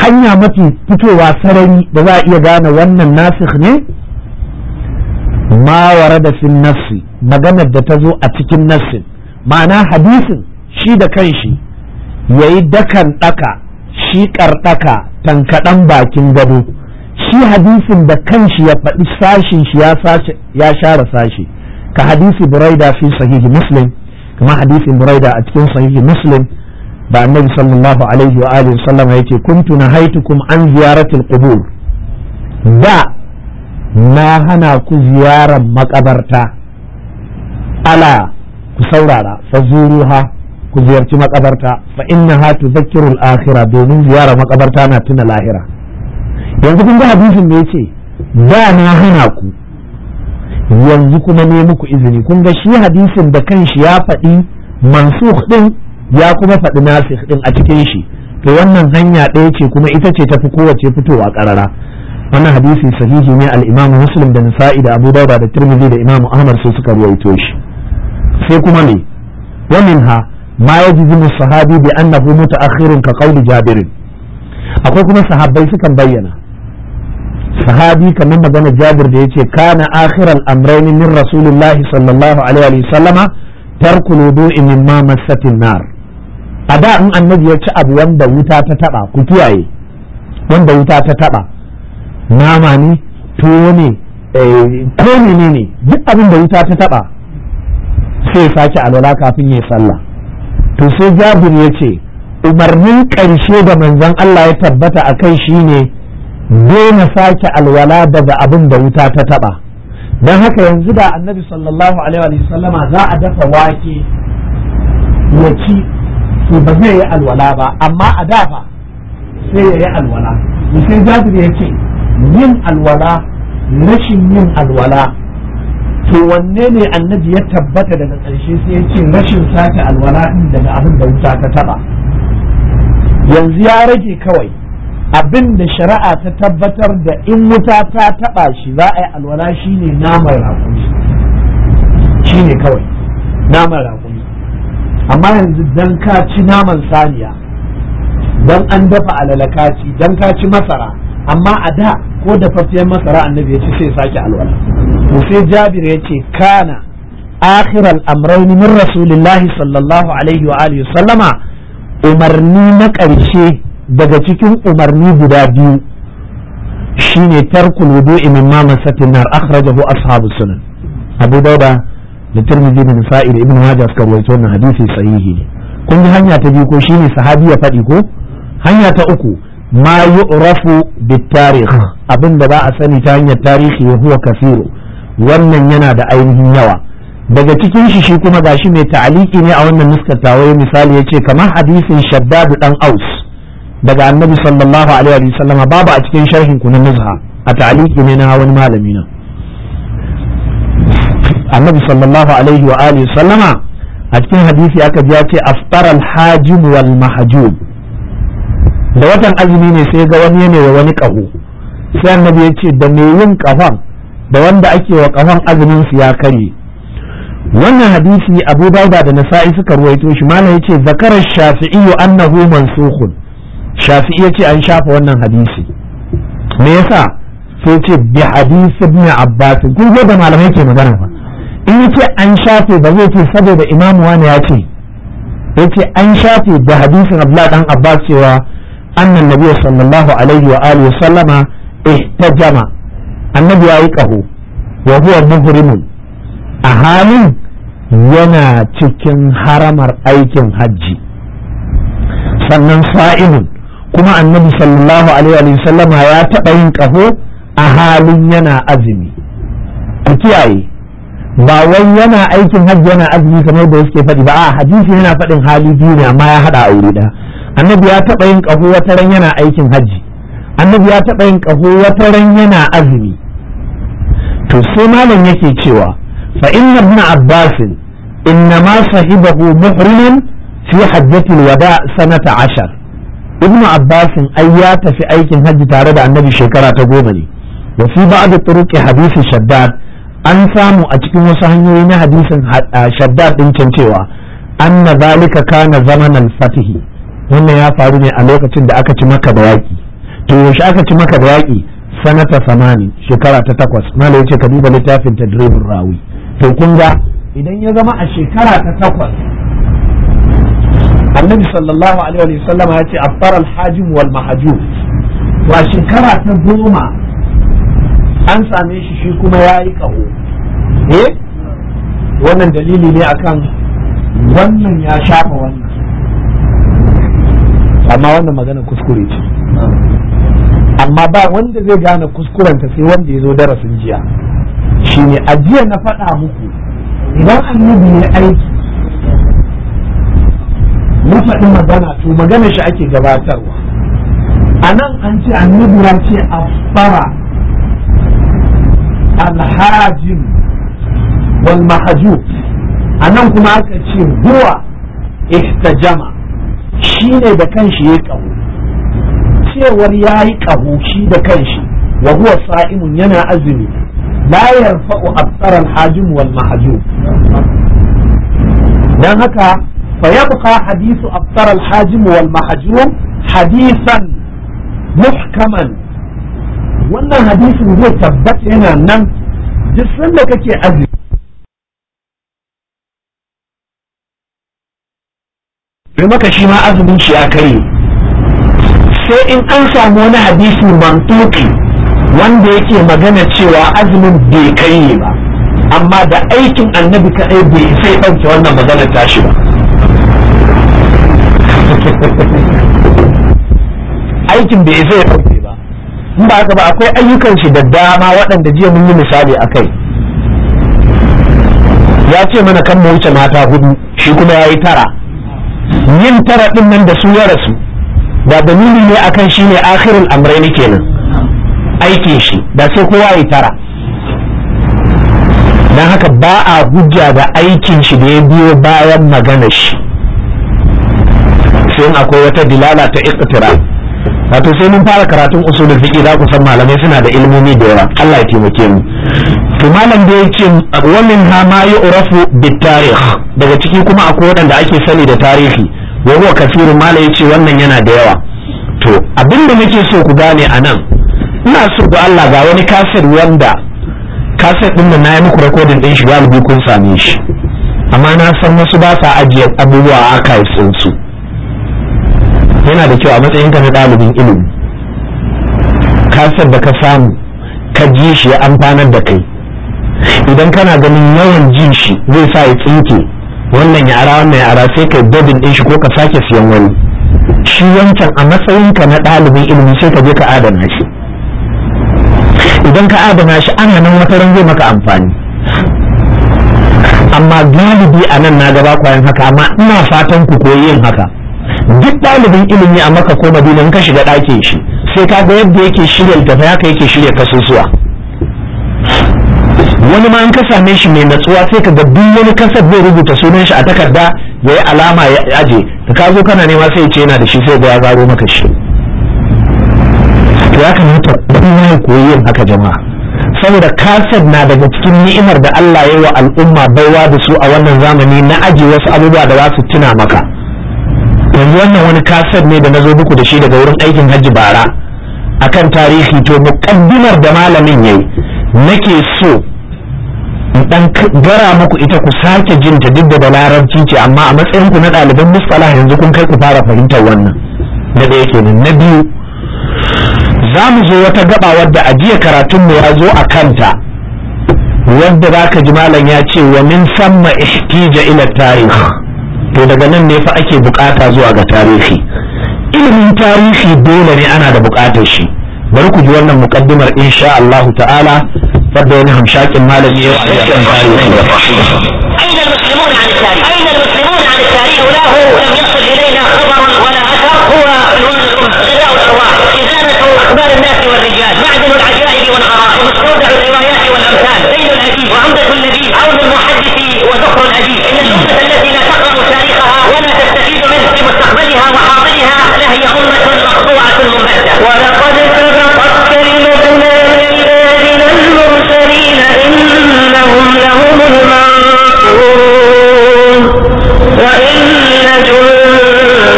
hanya mafi fitowa sarari da za a iya gane wannan nasikh ne ma warada fi nafsi maganar da ta zo a cikin nafsin ma'ana hadisin shi da kanshi yayi dakan daka shi kardaka tankaɗan bakin gado shi hadisin da kanshi ya faɗi sashin shi ya share sashi ka hadisi buraida fi sahihi muslim kama hadisin buraida a cikin sahihi muslim da annabi sallallahu alaihi wa alihi sallam yake kuntu nahaitukum an ziyaratil qubur da na hana ku ziyarar makabarta ala ku saurara fa zuruha ku ziyarci makabarta fa innaha tudhakkiru al-akhirah domin ziyarar makabarta na tuna lahira yanzu kun ga hadisin da yace da na hana ku yanzu kuma ne muku izini kun ga shi hadisin da kanshi ya faɗi mansukh din ya kuma faɗi nasikh din a cikin shi to wannan hanya ɗaya ce kuma ita ce tafi kowace fitowa ƙarara wannan hadisi sahihi ne al-Imam Muslim da Nisa'i da Abu Dawud da Tirmidhi da Imam Ahmad su suka ruwaito shi sai kuma ne wa minha ma yajzimu sahabi bi annahu muta'akhirun ka qawli Jabir akwai kuma sahabbai sukan bayyana sahabi kamar magana jabir da yace kana akhiral amrayni min rasulullahi sallallahu alaihi wa sallama tarkul wudu'i ma massatin nar a da in annabi ya ci abu wanda wuta ta taba ku kiyaye wanda wuta ta taba nama ne tuwo ne eh, ko ne ne duk abin da wuta ta taba sai sake alwala kafin ya sallah to sai jabir ya ce umarnin ƙarshe da manzon Allah ya tabbata a kai shine daina sake alwala daga abin da wuta ta taba don haka yanzu da annabi sallallahu alaihi sallama za a dafa wake ya ci to ba zai yi alwala ba amma a dafa sai ya yi alwala sai jabir ya ce yin alwala rashin yin alwala to wanne ne annabi ya tabbata daga ƙarshe sai ya ce rashin sake alwala din daga abin da wuta ta taba yanzu ya rage kawai abin da shari'a ta tabbatar da in wuta ta taba shi za a yi alwala shine naman raƙumi shine kawai naman raƙumi amma yanzu don ka ci naman saniya don an dafa alalakaci don ka ci masara amma a da ko dafaffiyar masara annabi ya ce sai sake alwala to sai jabir ya ce kana akhir al-amrayn min rasulillahi sallallahu alaihi wa alihi sallama umarni na ƙarshe daga cikin umarni guda biyu shine tarkul wudu'i min ma masatin nar akhrajahu ashabu sunan abu dauda da tirmidhi bin sa'i da ibnu majah suka rawaito wannan hadisi sahihi ne kun ji hanya ta biyu ko shine sahabi ya faɗi ko hanya ta uku ma yu'rafu bit tarikh abinda ba a sani ta hanyar tarihi ya huwa kasiru wannan yana da ainihin yawa daga cikin shi shi kuma gashi mai ta'aliki ne a wannan nuskar tawaye misali yace kamar hadisin shaddadu dan aus daga annabi sallallahu alaihi wa sallam babu a cikin sharhin ku na a ta'aliki ne na wani malami na annabi sallallahu alaihi wa alihi sallama a cikin hadisi aka ji ya ce aftar al-hajib wal mahjub da watan azumi ne sai ga wani wa wani kaho sai annabi ya ce da mai yin kafan da wanda ake wa kafan azumin su ya karye wannan hadisi abu dauda da nasa'i suka ruwaito shi malam yace zakara shafi'i annahu mansukhun shafi iya ce an shafa wannan hadisi me yasa sai ce bi hadisi ibn abbas kun ga da malamai ke magana fa. in yace an shafe ba zai ce saboda imamu wani ya ce yace an shafe da hadisin abdullah dan abbas cewa annan nabi sallallahu alaihi wa alihi sallama ihtajama annabi ya yi kaho wa huwa muhrimun a halin yana cikin haramar aikin hajji sannan sa'imin kuma annabi sallallahu alaihi wa sallam ya taɓa yin ƙaho a halin yana azumi a kiyaye ba wai yana aikin hajji yana azumi kamar da suke faɗi ba a hadisi yana faɗin hali biyu ne amma ya haɗa aure wuri ɗaya annabi ya taɓa yin ƙaho wata ran yana aikin hajji annabi ya taɓa yin ƙaho wata ran yana azumi to sai malam yake cewa fa inna ibn abbas innama sahibahu muhrimin fi hajjatil wada sanata ashar ibnu abbasin ai ya tafi aikin hajji tare da annabi shekara ta goma ne wa ba ba'd turuqi hadisi shaddad an samu a cikin wasu hanyoyi na hadisin shaddad din can cewa anna zalika kana zamanan fatihi wannan ya faru ne a lokacin da aka ci maka da to yaushe aka ci maka da yaki sanata samani shekara ta takwas malai yace ka duba littafin tadribur rawi to kun ga idan ya zama a shekara ta takwas annabi sallallahu alaihi wa sallam ya ce afar al-hajim wal mahjum wa shekara ta goma an same shi shi kuma yi kaho eh wannan dalili ne akan wannan ya shafa wannan amma wannan magana kuskure ce amma ba wanda zai gane kuskurenta sai wanda ya zo darasin jiya a jiya na faɗa muku idan annabi ya aiki faɗi magana to magana shi ake gabatarwa a nan an ce annabi ya ce fara alhajin wal anan a nan kuma aka ce huwa ihtajama shi ne da kanshi ya ƙaho cewar ya yi ƙaho shi da kanshi wa huwa sa'imun yana azumi la yarfa'u absar alhajim wal mahajub dan haka فيبقى حديث أبصر الحاجم والمحجوم حديثا محكما wannan hadisin zai tabbata yana nan duk sanda kake azumi sai maka shi ma azumin shi ya kare sai in an samu wani hadisi mantuƙi wanda yake magana cewa azumin bai kare ba amma da aikin annabi kaɗai bai sai wannan maganar tashi ba aikin bai isa ya ɗauke ba in ba haka ba akwai ayyukan shi da dama waɗanda jiya mun yi misali a kai ya ce mana kan mu wuce mata hudu shi kuma ya yi tara yin tara ɗin nan da su ya rasu da dalili ne akan shi ne akhirin amraini kenan aikin shi da sai kowa ya tara don haka ba a guja da aikin shi da ya biyo bayan magana shi sai akwai wata dilala ta iqtira wato sai mun fara karatun usulul fiqh za ku san malamai suna da ilmomi da yawa Allah ya taimake mu to malam da yake wa min ha ma yu'rafu bit tarikh daga ciki kuma akwai wadanda ake sani da tarihi wa huwa kafirun malam yace wannan yana da yawa to abinda nake so ku gane anan ina so ga Allah ga wani kasir wanda kasir din na yi muku recording din shi albukun kun same shi amma na san wasu ba sa ajiye abubuwa a archives su yana da kyau a matsayin ka na ɗalibin ilimi kasar da ka samu ka ji shi ya amfanar da kai idan kana ganin yawan jin shi zai sa ya tsinke wannan ya ara wannan ya sai ka dabin din shi ko ka sake siyan wani shi wancan a matsayin ka na ɗalibin ilimi sai ka je ka adana shi idan ka adana shi ana nan wata ran zai maka amfani amma galibi a nan na gaba kwayan haka amma ina fatan ku koyi yin haka duk ɗalibin ilimi a maka ko madina in ka shiga ɗakin shi sai ka ga yadda yake shirya littafai haka yake shirya kasusuwa wani ma in ka same shi mai natsuwa sai ka ga duk wani kasar zai rubuta sunan shi a takarda ya yi alama ya aje ka ka zo kana nema sai ce yana da shi sai ga ya maka shi ya kamata ya koyi yin haka jama'a saboda kasar na daga cikin ni'imar da Allah ya wa al'umma baiwa da su a wannan zamani na ajiye wasu abubuwa da za su tuna maka yanzu wannan wani kasar ne da na zo muku da shi daga wurin aikin hajji bara akan tarihi to muƙaddimar da malamin yayi nake so in dan gara muku ita ku sake jin ta duk da larabci ce amma a matsayin ku na ɗaliban musfala yanzu kun kai ku fara fahimtar wannan na ɗaya yake na biyu za mu zo wata gaba wadda ajiya karatun mu ya zo a kanta wadda za ka ji malam ya ce wa min samma ihtija ila tarih to daga nan ne fa ake bukata zuwa ga tarihi ilimin tarihi dole ne ana da bukatar shi bari ku ji wannan muqaddimar insha Allah ta'ala fadda wani hamshakin malami yau a cikin tarihi وعمدة النبي عون المحدث وذكر الأديب، إن الأمة التي ولقد سبقت كلمتنا لعبادنا المرسلين إنهم لهم المنصورون وإن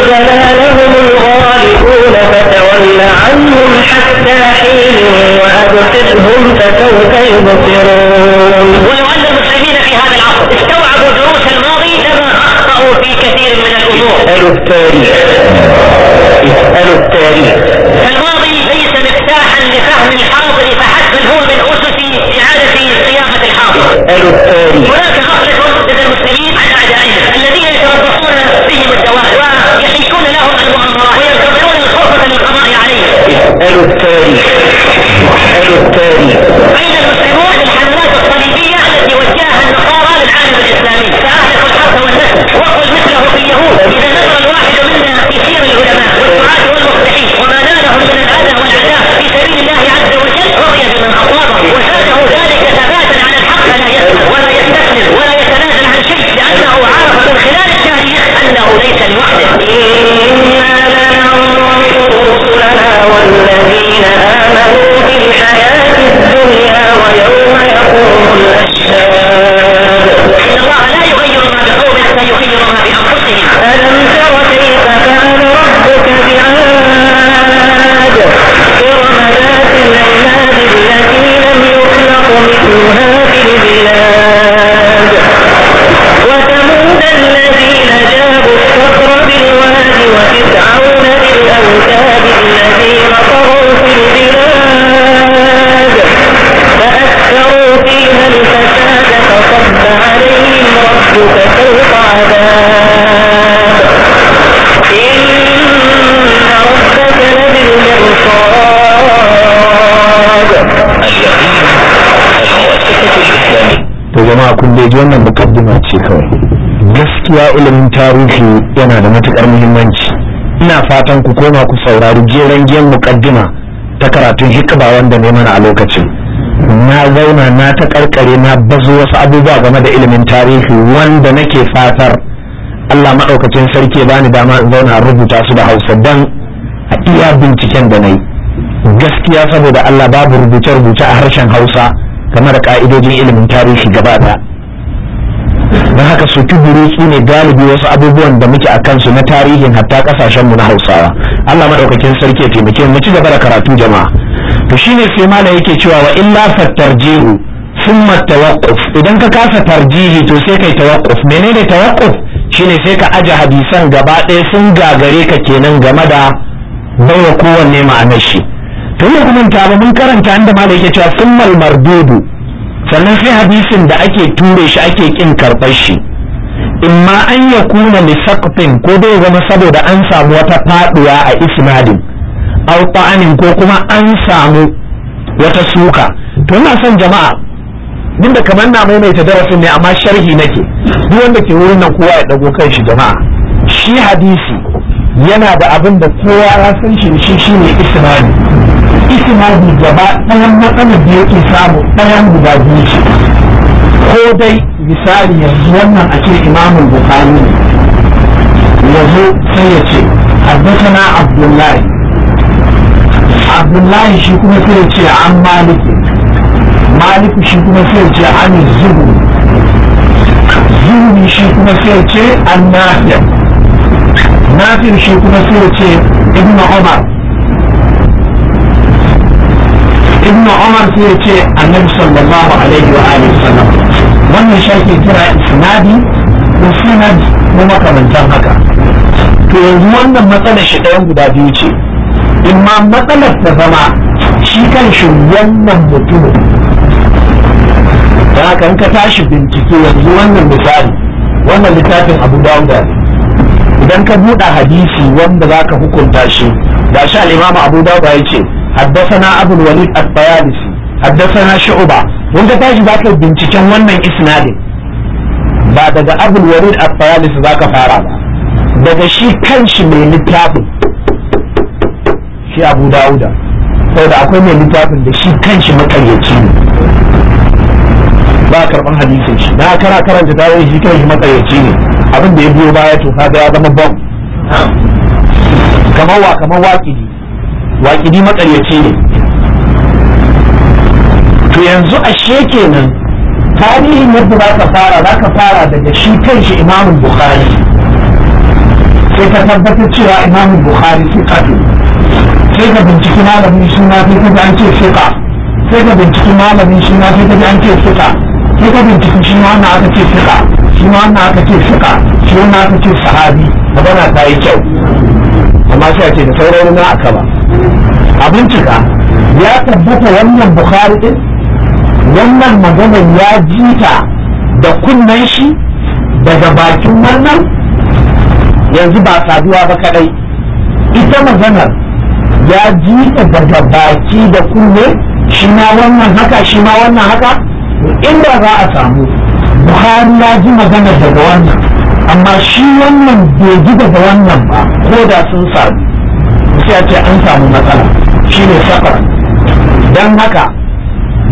جندنا لهم الغالبون فتول عنهم حتى حين وأبصرهم فسوف يبصرون ولعل المسلمين في هذا العصر استوعبوا دروس الماضي لما أخطأوا في كثير من الأمور التاريخ يسأل التاريخ الماضي ليس مفتاحا لفهم الحاضر فحسب هو من أسس إعادة صياغة الحاضر يسأل التاريخ هناك غفلة لدى المسلمين عن أعدائهم الذين يتربصون بهم الدوائر ويحيكون لهم المؤامرات وينتظرون الفرصة للقضاء عليهم يسأل التاريخ يسأل التاريخ أين المسلمون الحملات الصليبية التي وجهها النصارى قال العالم الاسلامي ساخلق الحرف والنسل وقل مثله في اليهود اذا نظر الواحد منا في سير العلماء والدعاة والمصلحين وما نالهم من الاذى والعداء في سبيل الله عز وجل رضي بمن اصابه وزاده ذلك ثباتا على الحق فلا يسمع ولا يستسلم ولا يتنازل عن شيء لانه عرف من خلال التاريخ انه ليس لوحده انا لننصر رسلنا والذين امنوا في الحياه الدنيا ويوم يقوم الاشهاد فإن الله لا يغير ما بقوم حتى يغير ما بأنفسهم ألم تر كيف فعل ربك بعاد إرم العماد التي يخلق مثلها في البلاد وثمود الذين جابوا الصخر بالواد وتسعون بالأوتاد ربك فوق kun dai ji wannan mukaddima ce kawai gaskiya ilimin tarihi yana da matukar muhimmanci ina fatan ku koma ku saurari jeren giyan mukaddima ta karatun hikba wanda ne mana a lokacin na zauna na ta karkare na bazu wasu abubuwa game da ilimin tarihi wanda nake fatar Allah maɗaukacin sarki bani dama zauna rubuta su da hausa don a iya binciken da na yi gaskiya saboda Allah babu rubuce-rubuce a harshen hausa game da ka'idojin ilimin tarihi gaba da don haka su tuburutsu ne galibi wasu abubuwan da muke a kansu na tarihin hatta kasashenmu na hausawa Allah maɗaukacin sarki ya taimake mu ci gaba da karatu jama'a to shine sai mala yake cewa wa illa fatarjihu thumma tawaqquf idan ka kasa tarjihi to sai kai tawaqquf menene tawaqquf shine sai ka aje hadisan gaba ɗaya sun gagare ka kenan game da baiwa kowanne ma'anar shi to ne kuma ta mun karanta inda mala yake cewa al mardudu sannan sai hadisin da ake ture shi ake kin karbar shi imma an yakuna li ko dai zama saboda an samu wata faduwa a isnadin aw ko kuma an samu wata suka to ina son jama'a din da kamar na maimaita darasin ne amma sharhi nake duk wanda ke wurin nan kowa ya dago kan shi jama'a shi hadisi yana da abin da kowa ya san shi shi shine isnadi isnadi gaba ɗayan matsalar da yake samu ɗayan guda biyu ce ko dai misali yanzu wannan a ce imamun bukhari ne yanzu sai ya ce حدثنا عبد الله abdullahi shi kuma sai ce an maliki maliki shi kuma sai ce an zuhu zuhu shi kuma sai ce an nafi nafi shi kuma sai ce ibn umar ibn umar sai ce annabi sallallahu alaihi wa alihi wasallam wannan shaki kira isnadi ko sanad ko makamantan haka to yanzu wannan matsalar shi ɗayan guda biyu ce in ma matsalar ta zama shi kan shi wannan mutumin da haka in ka tashi bincike yanzu wannan misali wannan littafin abu dauda idan ka buɗe hadisi wanda za ka hukunta shi da shi al'imamu abu dauda ya ce haddasana abul walid at-tayalisi haddasana shu'ba wanda tashi za ka binciken wannan isnadin ba daga abul walid at-tayalisi za ka fara ba daga shi kan shi mai littafin shi abu dawuda saboda akwai mai littafin da shi kanshi makaryaci ne ba karban hadisin shi na kara karanta dawo shi kanshi makaryaci ne abin da ya biyo baya to kaga ya zama bom kamar wa kamar waƙidi waƙidi makaryaci ne to yanzu ashe kenan tarihin yadda za ka fara za ka fara daga shi kanshi imamun bukhari sai ka tabbatar cewa imamun bukhari su kafin sai ka binciki malamin suna ma sai ka ji an ce fiqa sai ka binciki malamin suna ma sai ka ji an ce fiqa sai ka binciki shi ma wannan aka ce fiƙa. shi ma wannan aka ce fiƙa. shi wannan aka ce sahabi magana ta yi kyau amma sai a ce da sauran na aka ba a bincika ya tabbata wannan bukhari din wannan maganar ya jita da kunnen shi daga bakin wannan yanzu ba saduwa ba kadai ita maganar ya ji daga baki da kunne shi ma wannan haka shi ma wannan haka inda za a samu buhari ya ji magana daga wannan amma shi wannan bai ji daga wannan ba ko da sun sami sai a ce an samu matsala shi ne safar don haka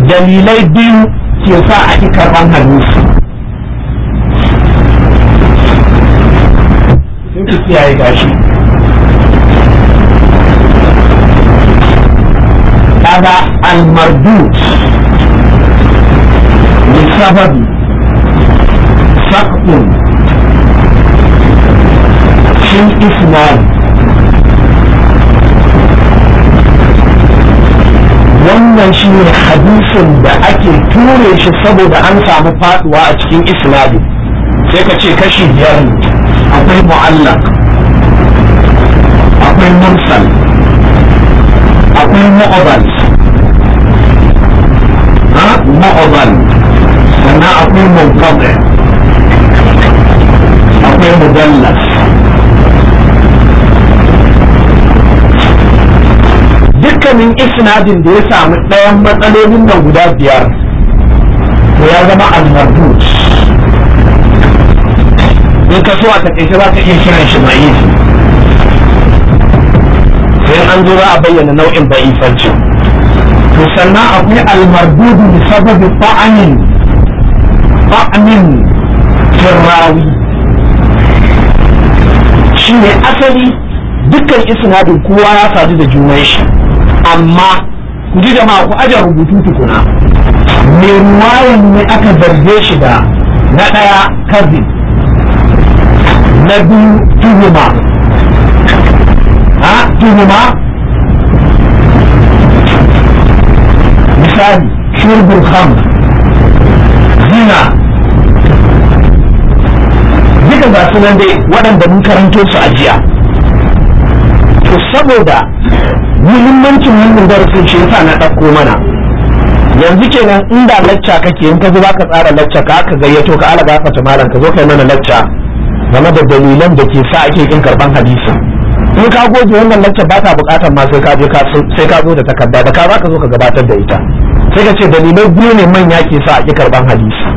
dalilai biyu ke sa a ki karban hadisi sai ku kiyaye gashi هذا المردود بسبب سقط في الإسلام wannan shi ne hadisin da ake ture shi saboda an samu faduwa a cikin isnadi sai ka ce kashi biyar akwai mu'allaq akwai mursal يعطي معضل ها معضل انا اعطيه منقطع اعطيه مثلث dukkanin isnadin da ya samu ɗayan matsalolin nan guda biyar ya zama al-mardud in ka so a takaice za ka iya kiran shi da'ifi in an zo za a bayyana nau'in da'ifanci to sannan akwai almardudu bi sababi fa'anin fa'anin firrawi shi ne asali dukkan isnadin kowa ya sadu da juna shi amma ku ji jama'a ku aje rubutu tukuna me ruwayin ne aka zarge shi da na ɗaya kazi na biyu tuhuma ضدهما مثال شرب الخمر zina duka ga sunan dai waɗanda mun karanto su a jiya to saboda muhimmancin wannan darasin shi yasa na ɗauko mana yanzu kenan inda lacca kake in ka zo ka tsara lacca ka aka gayyato ka ala gafa malam ka zo kai mana lacca game da dalilan da ke sa ake kin karban hadisi in ka goge wannan lacca ba ta bukatar ma sai ka je sai ka zo da takarda da ka za ka zo ka gabatar da ita sai ka ce dalilai biyu ne manya ke sa a ki karban hadisi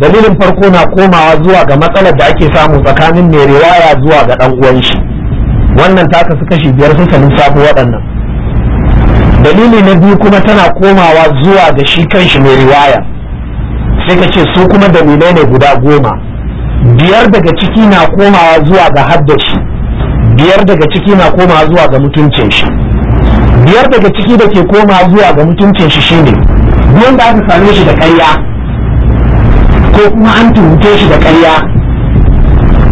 dalilin farko na komawa zuwa ga matsalar da ake samu tsakanin mai riwaya zuwa ga dan uwan shi wannan ta kasu kashi biyar sun sanin sabu waɗannan dalili na biyu kuma tana komawa zuwa ga shi kanshi mai riwaya sai ka ce su kuma dalilai ne guda goma biyar daga ciki na komawa zuwa ga haddashi biyar daga ciki na koma zuwa ga mutuncin shi biyar daga ciki da ke koma zuwa ga mutuncin shi shine duk da aka same shi da ƙarya ko kuma an tuhumce shi da ƙarya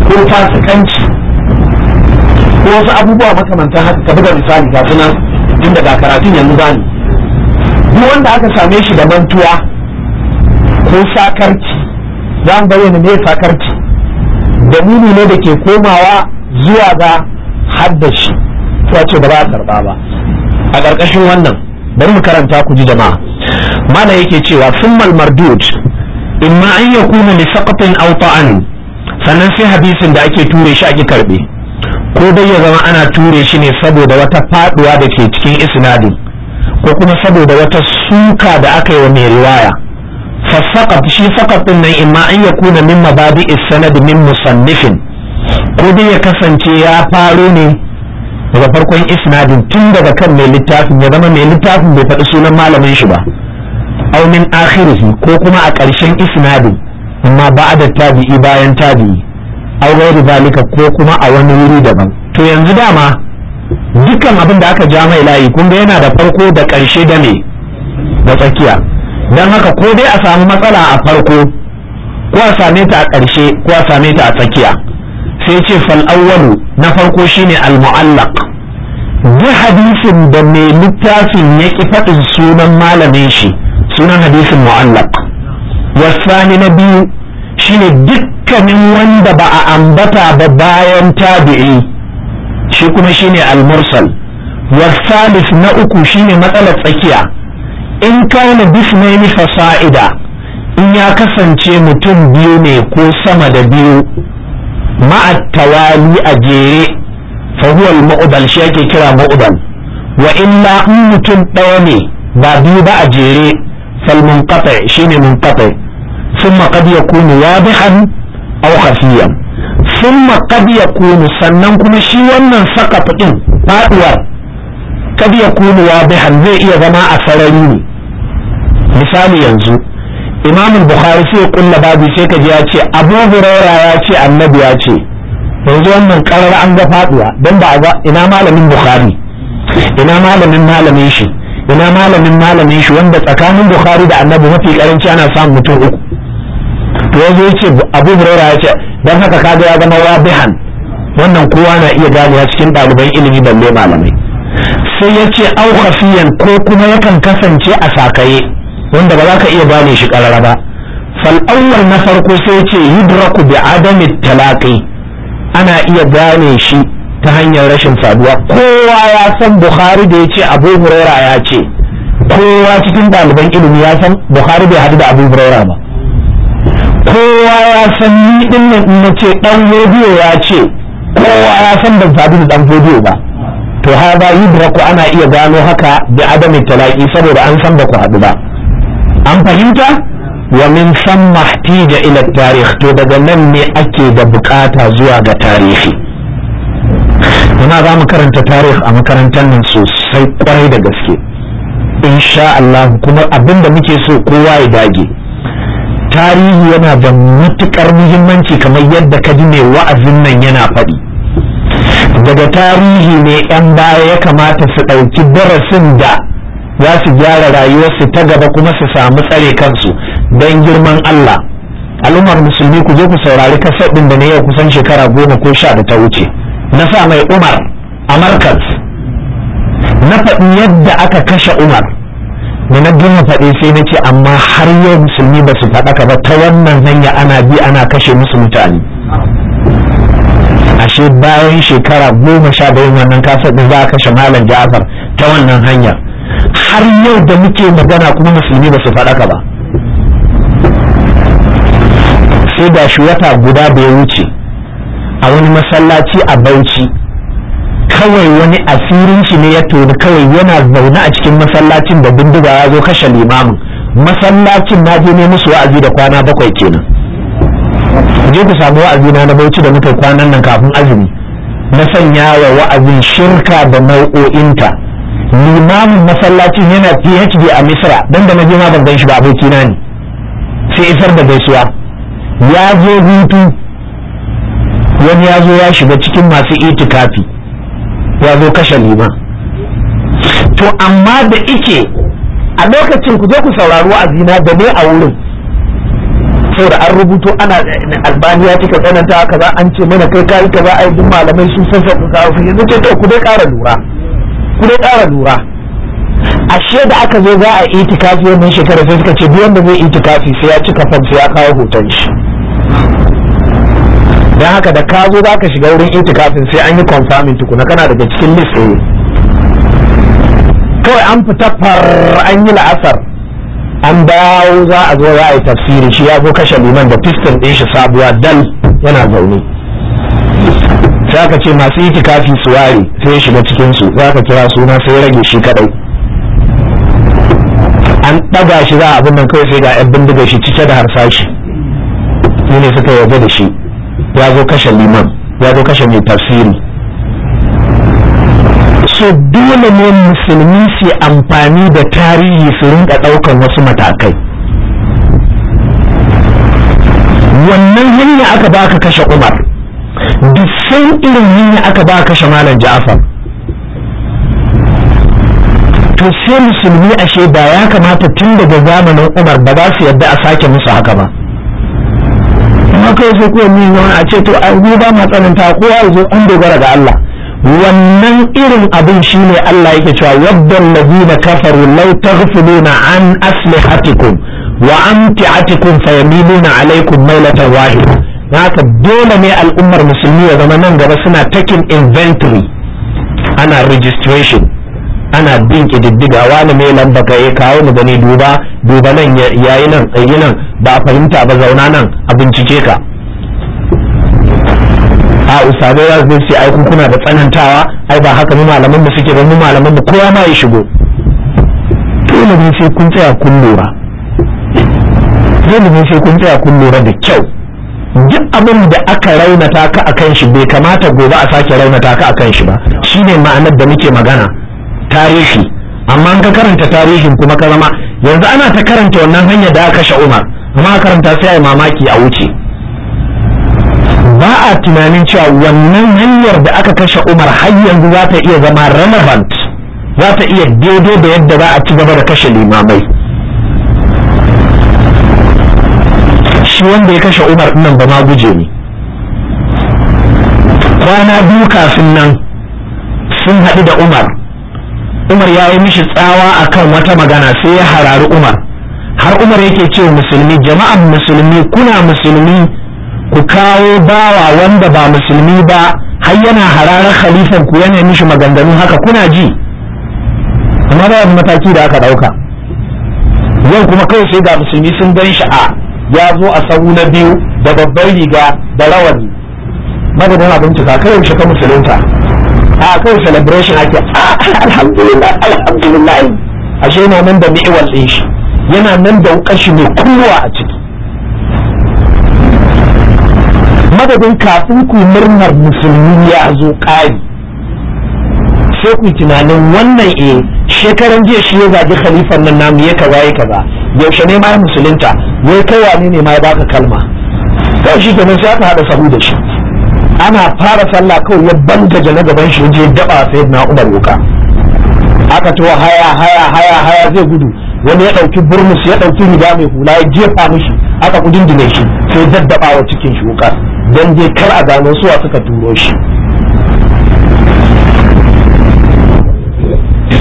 ko fasikanci ko wasu abubuwa makamantan haka ka buga misali ga suna inda ga karatun yanzu bani duk wanda aka same shi da mantuwa ko sakarci za mu bayyana me sakarci dalili ne da ke komawa zuwa ga hadda shi ta ce ba za a karba ba a ƙarƙashin wannan bari mu karanta ku ji jama'a mana yake cewa summal mardud imma an yakuna li saqatin aw ta'an sannan sai hadisin da ake ture shi ake karbe ko dai ya zama ana ture shi ne saboda wata faduwa da ke cikin isnadin ko kuma saboda wata suka da aka yi wa mai riwaya fasaqat shi saqatin nan imma an yakuna min mabadi'is sanad min musannifin ko dai ya kasance ya faro ne daga farkon isnadin tun daga kan mai littafin ya zama mai littafin bai faɗi sunan malamin shi ba aunin min akhirihi ko kuma a ƙarshen isnadin amma ba da tabi'i bayan tabi'i aure ghairu zalika ko kuma a wani wuri daban to yanzu dama dukkan abin da aka ja mai layi kun ga yana da farko da ƙarshe da me da tsakiya dan haka ko dai a samu matsala a farko ko a same ta a ƙarshe ko a same ta a tsakiya sai ce fal'awwalu na farko shine al-mu'allaq duk hadisin da mai littafin ya ƙi faɗin sunan malamin shi sunan hadisin mu'allaq wasani na biyu shine dukkanin wanda ba a ambata ba bayan tabi'i shi kuma shine al-mursal wasalis na uku shine matsalar tsakiya in kana bisnaini fasa'ida in ya kasance mutum biyu ne ko sama da biyu مع التوالي أجيري فهو المؤبل شيكي كرا مؤبل وإلا أنت الطواني بابيب أجيري فالمنقطع شين منقطع ثم قد يكون واضحا أو خفيا ثم قد يكون سنن كما شيوانا سقط إن فأدوى قد يكون واضحا ذي إذا ما أثرني مثال ينزو imam bukhari sai kulla babu sai ka ji ya ce abu huraira ya ce annabi ya ce yanzu wannan karar an ga faduwa don ba ina malamin bukhari ina malamin malamin shi ina malamin malamin shi wanda tsakanin bukhari da annabi mafi karanci ana samun mutum uku to yanzu ya ce abu huraira ya ce dan haka kaga ya zama wabihan wannan kowa na iya ganewa cikin ɗaliban ilimi balle malamai sai ya ce au ko kuma yakan kasance a sakaye wanda ba za ka iya bane shi karara ba fal awwal na farko sai ce yudraku bi adami talaqi ana iya gane shi ta hanyar rashin faduwa kowa ya san bukhari da yace abu huraira ya ce kowa cikin ɗaliban ilimi ya san bukhari bai hadu da abu huraira ba kowa ya san ni din nan na ce dan rediyo ya ce kowa ya san ban faɗi da dan rediyo ba to hada yudraku ana iya gano haka bi adami talaqi saboda an san ba ku hadu ba an fahimta wa min samma ihtija ila tarikh to daga nan ne ake da bukata zuwa ga tarihi muna za mu karanta tarih a makarantar nan sosai kwarai da gaske insha Allah kuma abin da muke so kowa ya dage tarihi yana da matukar muhimmanci kamar yadda ka ji mai wa'azin nan yana faɗi daga tarihi ne 'yan baya ya kamata su ɗauki darasin da za su gyara rayuwarsu ta gaba kuma su samu tsare kansu don girman Allah al'ummar musulmi ku zo ku saurari kasar ɗin da na yau kusan shekara goma ko sha da ta wuce na sa mai umar a markas na faɗi yadda aka kashe umar da na gama faɗi sai na ce amma har yau musulmi ba su faɗaka ba ta wannan hanya ana bi ana kashe musu mutane ashe bayan shekara goma sha da yin wannan kasar ɗin za a kashe malam ja'afar ta wannan hanyar har yau da muke magana kuma musulmi ba su faɗaka ba sai da shi wata guda bai wuce a wani masallaci a bauchi kawai wani asirin shi ne ya toni kawai yana zaune a cikin masallacin da bindiga ya zo kashe limamin masallacin na je ne musu wa'azi da kwana bakwai kenan je ku samu wa'azi na na bauchi da muka kwanan nan kafin azumi na sanya wa wa'azin shirka da nau'o'inta limamin masallacin yana PhD a Misra dan da na ma ban gan shi ba abokina ne sai isar da gaisuwa ya zo hutu wani ya zo ya shiga cikin masu itikafi ya zo kashe liman to amma da ike a lokacin ku je ku saurari wa'azina da ne a wurin saboda an rubuto ana albaniya cika tsananta kaza an ce mana kai kai kaza ai duk malamai sun san sa ku yanzu ce to ku dai kara lura ku dai ƙara lura ashe da aka zo za a itikafi wannan shekara sai suka ce biyan wanda zai itikafi sai ya cika fam sai ya kawo hoton shi don haka da ka zo za ka shiga wurin itikafin sai an yi confirming tukuna kana daga cikin list kawai an fita far an yi la'asar an dawo za a zo za a yi tafsiri shi ya zo kashe liman da piston ɗin shi sabuwa dal yana zaune za ka ce masu yi tikafi su ware sai ya shiga cikinsu za ka kira suna sai rage shi kadai an ɗaga shi za a abin nan kawai sai ga yan bindiga shi cike da harsashi shi ne suka yarda da shi ya zo kashe liman ya zo kashe mai tafsiri so dole ne musulmi su amfani da tarihi su rinka ɗaukan wasu matakai wannan hanya aka baka kashe umar san irin hanya aka ba kashe malam ja'afar to sai musulmi ashe ba ya kamata tun daga zamanin umar ba za su yadda a sake musu haka ba amma kai sai kuwa ni a ce to a ba matsananta ko ya zo an dogara ga Allah wannan irin abin shine Allah yake cewa wadda ladina kafaru law taghfuluna an aslihatikum wa amti'atikum fayamiluna alaykum mailatan wahida da haka dole ne al'ummar musulmi ya zama nan gaba suna taking inventory ana registration ana bin kididdiga wani mai lamba ka ya kawo mu gani duba duba nan yayi nan tsayi nan ba a fahimta ba zauna nan a bincike ka a usabe ya zai ce ai kuna da tsanantawa ai ba haka mu malaman mu suke ba mu malaman mu kowa ma ya shigo dole ne sai kun tsaya kun lura dole ne sai kun tsaya kun lura da kyau duk abin da aka raunata ka akan shi bai kamata gobe a sake raunata ka akan shi ba shine ma'anar da muke magana tarihi amma ka karanta tarihin kuma ka zama yanzu ana ta karanta wannan hanyar da aka kashe Umar amma karanta sai ai mamaki a wuce ba a tunanin cewa wannan hanyar da aka kashe Umar har yanzu za ta iya zama relevant za ta iya daidai da yadda za a ci gaba da kashe limamai duk wanda ya kashe umar nan ba ma guje ne Rana biyu kafin nan sun haɗu da umar umar ya yi mishi tsawa akan wata magana sai ya harari umar har umar yake ce musulmi jama'an musulmi kuna musulmi ku kawo bawa wanda ba musulmi ba har yana hararar khalifan ku yana mishi maganganu haka kuna ji amma da mataki da aka ɗauka yau kuma kai sai ga musulmi sun gan shi a ya zo a sahu na biyu da babbar riga da rawani madadin abinci ka kai yaushe ka musulunta a kai celebration ake alhamdulillah alhamdulillah ashe yana nan da ni'imar din shi yana nan da kashi mai kullu a ciki madadin kafin ku murnar musulmi ya zo ƙari sai ku tunanin wannan eh shekaran jiya shi ya zagi khalifan nan namu ya kaza ya kaza yaushe ne ma musulunta wai kai wani ne ma ya baka kalma kawai shi kenan sai aka hada sabu da shi ana fara sallah kawai ya bangaje na gaban shi je daba sai na umar wuka aka to haya haya haya haya zai gudu wani ya ɗauki burmus ya ɗauki riga mai hula ya jefa mishi aka kudindine shi sai daddaba wa cikin shi wuka don je kar a gano suwa suka turo shi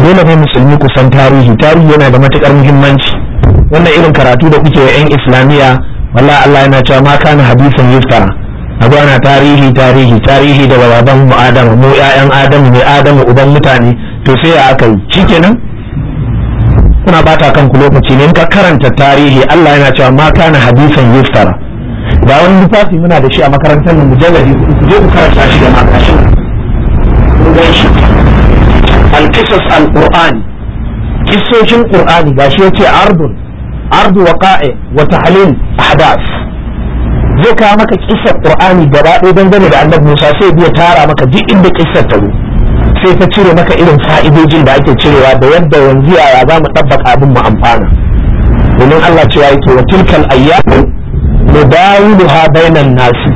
dole ne musulmi kusan tarihi tarihi yana da matukar muhimmanci wannan irin karatu da kuke yan islamiyya wallahi Allah yana cewa ma kana hadisan yuftara abu ana tarihi tarihi tarihi da baban mu adam mu ƴaƴan adam ne adam uban mutane to sai ya aka yi shikenan kuna bata kan ku lokaci ne in ka karanta tarihi Allah yana cewa ma kana hadisan yuftara Da wani lissafi muna da shi a makarantar mu mujalladi ku je ku karanta shi da makashin al-qisas al-qur'ani kissoshin qur'ani gashi yace arbun ardu waqa'i halin tahlil hadas zai kawo maka kisar qur'ani gaba ɗaya dangane da annabi Musa sai biya tara maka duk inda kisar ta zo sai ta cire maka irin fa'idojin da ake cirewa da yadda yanzu yaya za mu ɗabbaka abin mu amfana domin Allah cewa yake wa tilkal ayyam nudawiluha bainan nasi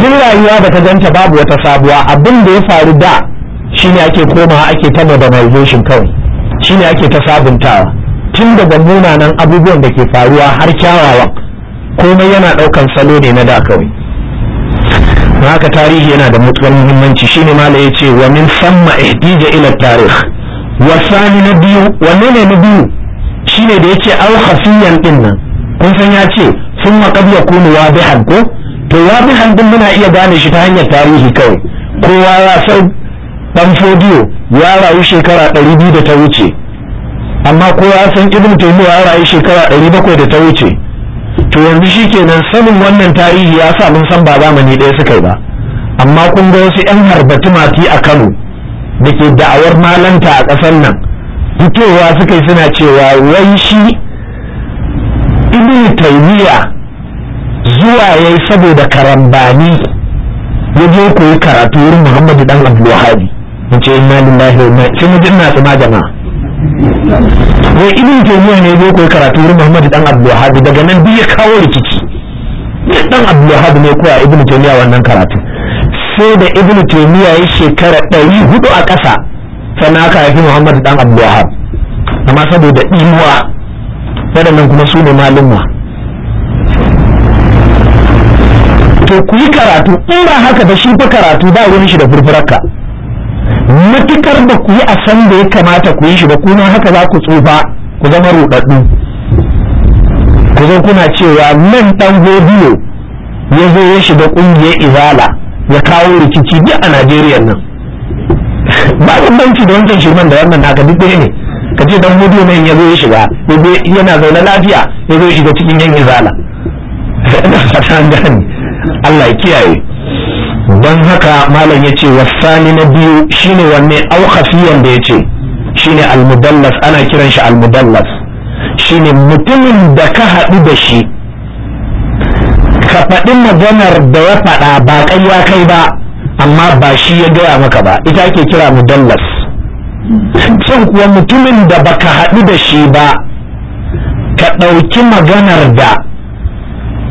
duk rayuwa da ka ganta babu wata sabuwa abin da ya faru da shine ake komawa ake ta modernization kawai shine ake ta sabuntawa tun daga munanan abubuwan da ke faruwa har kyawawan komai yana ɗaukan salo ne na da kawai haka tarihi yana da mutuwar muhimmanci shine mala ya ce wa min samma ihdija ila tarih sani na biyu wa ne na biyu shine da yace au khafiyan din nan kun san ya ce sun wa qad wa wadihan ko to wadihan din muna iya gane shi ta hanyar tarihi kawai kowa ya san dan fodiyo ya rayu shekara ɗari biyu da ta wuce amma ko ya san ibn taymiya ya rayu shekara 700 da ta wuce to yanzu shikenan sanin wannan tarihi ya sa mun san ba zamani ɗaya suka yi ba amma kun ga wasu yan harbatu mati a Kano da ke da'awar malanta a ƙasar nan fitowa suka yi suna cewa wai shi ibn taymiya zuwa yayi saboda karambani ya je koyi karatu wurin Muhammadu dan Abdul Wahhab ce inna lillahi wa inna ilaihi raji'un sai mu jinna jama'a wai ibn taymiya ne zo koyi karatu wurin muhammad dan abdulwahab daga nan duk ya kawo rikici dan abdulwahab ne koya ibn taymiya wannan karatu sai da ibn taymiya ya shekara ɗari hudu a ƙasa sannan aka haifi muhammad dan abdulwahab amma saboda imuwa waɗannan kuma su ne malinwa to ku yi karatu in ba haka ba shi fa karatu ba wani shi da furfurarka matukar ba ku yi a san da ya kamata ku yi shi ba kuma haka za ku tsufa ku zama ruɗaɗɗu ku zo kuna cewa nan ɗan godiyo ya zo ya shiga ƙungiyar izala ya kawo rikici duk a najeriya nan ba banci da wancan shirman da wannan naka duk ne ka ce dan godiyo nan ya zo ya shiga yana zaune lafiya ya zo shiga cikin yan izala Allah ya kiyaye don haka malam ya ce wasani na biyu shine wanne aukafiyan da ya ce shine almudallas ana kiran shi almudallas shine mutumin da ka haɗu da shi ka faɗi maganar da ya faɗa ba kai ya kai ba amma ba shi ya gaya maka ba ita ake kira mudallas can kuwa mutumin da baka haɗu da shi ba ka ɗauki maganar da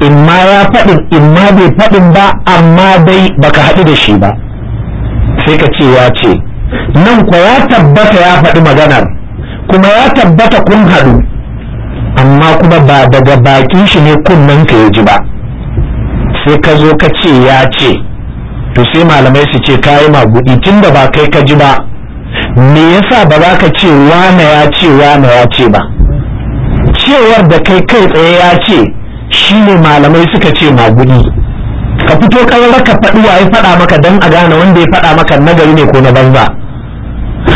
in ma ya faɗin in ma bai faɗi ba amma dai baka haɗu da shi ba sai ka ce ya ce nan kwa ya tabbata ya faɗi maganar kuma ya tabbata kun haɗu amma kuma ba daga bakin shi ne kunnen ka ya ji ba sai ka zo ka ce ya ce to sai malamai su ce kayi magudi tun da ba kai ka ji ba me yasa ba za ka ce wane ya ce wane ya ce ba cewar da kai kai tsaye ya ce Shi ne malamai suka ce magudi ka fito kawai ka faɗi wa ya faɗa maka don a gane wanda ya faɗa maka nagari ne ko na banza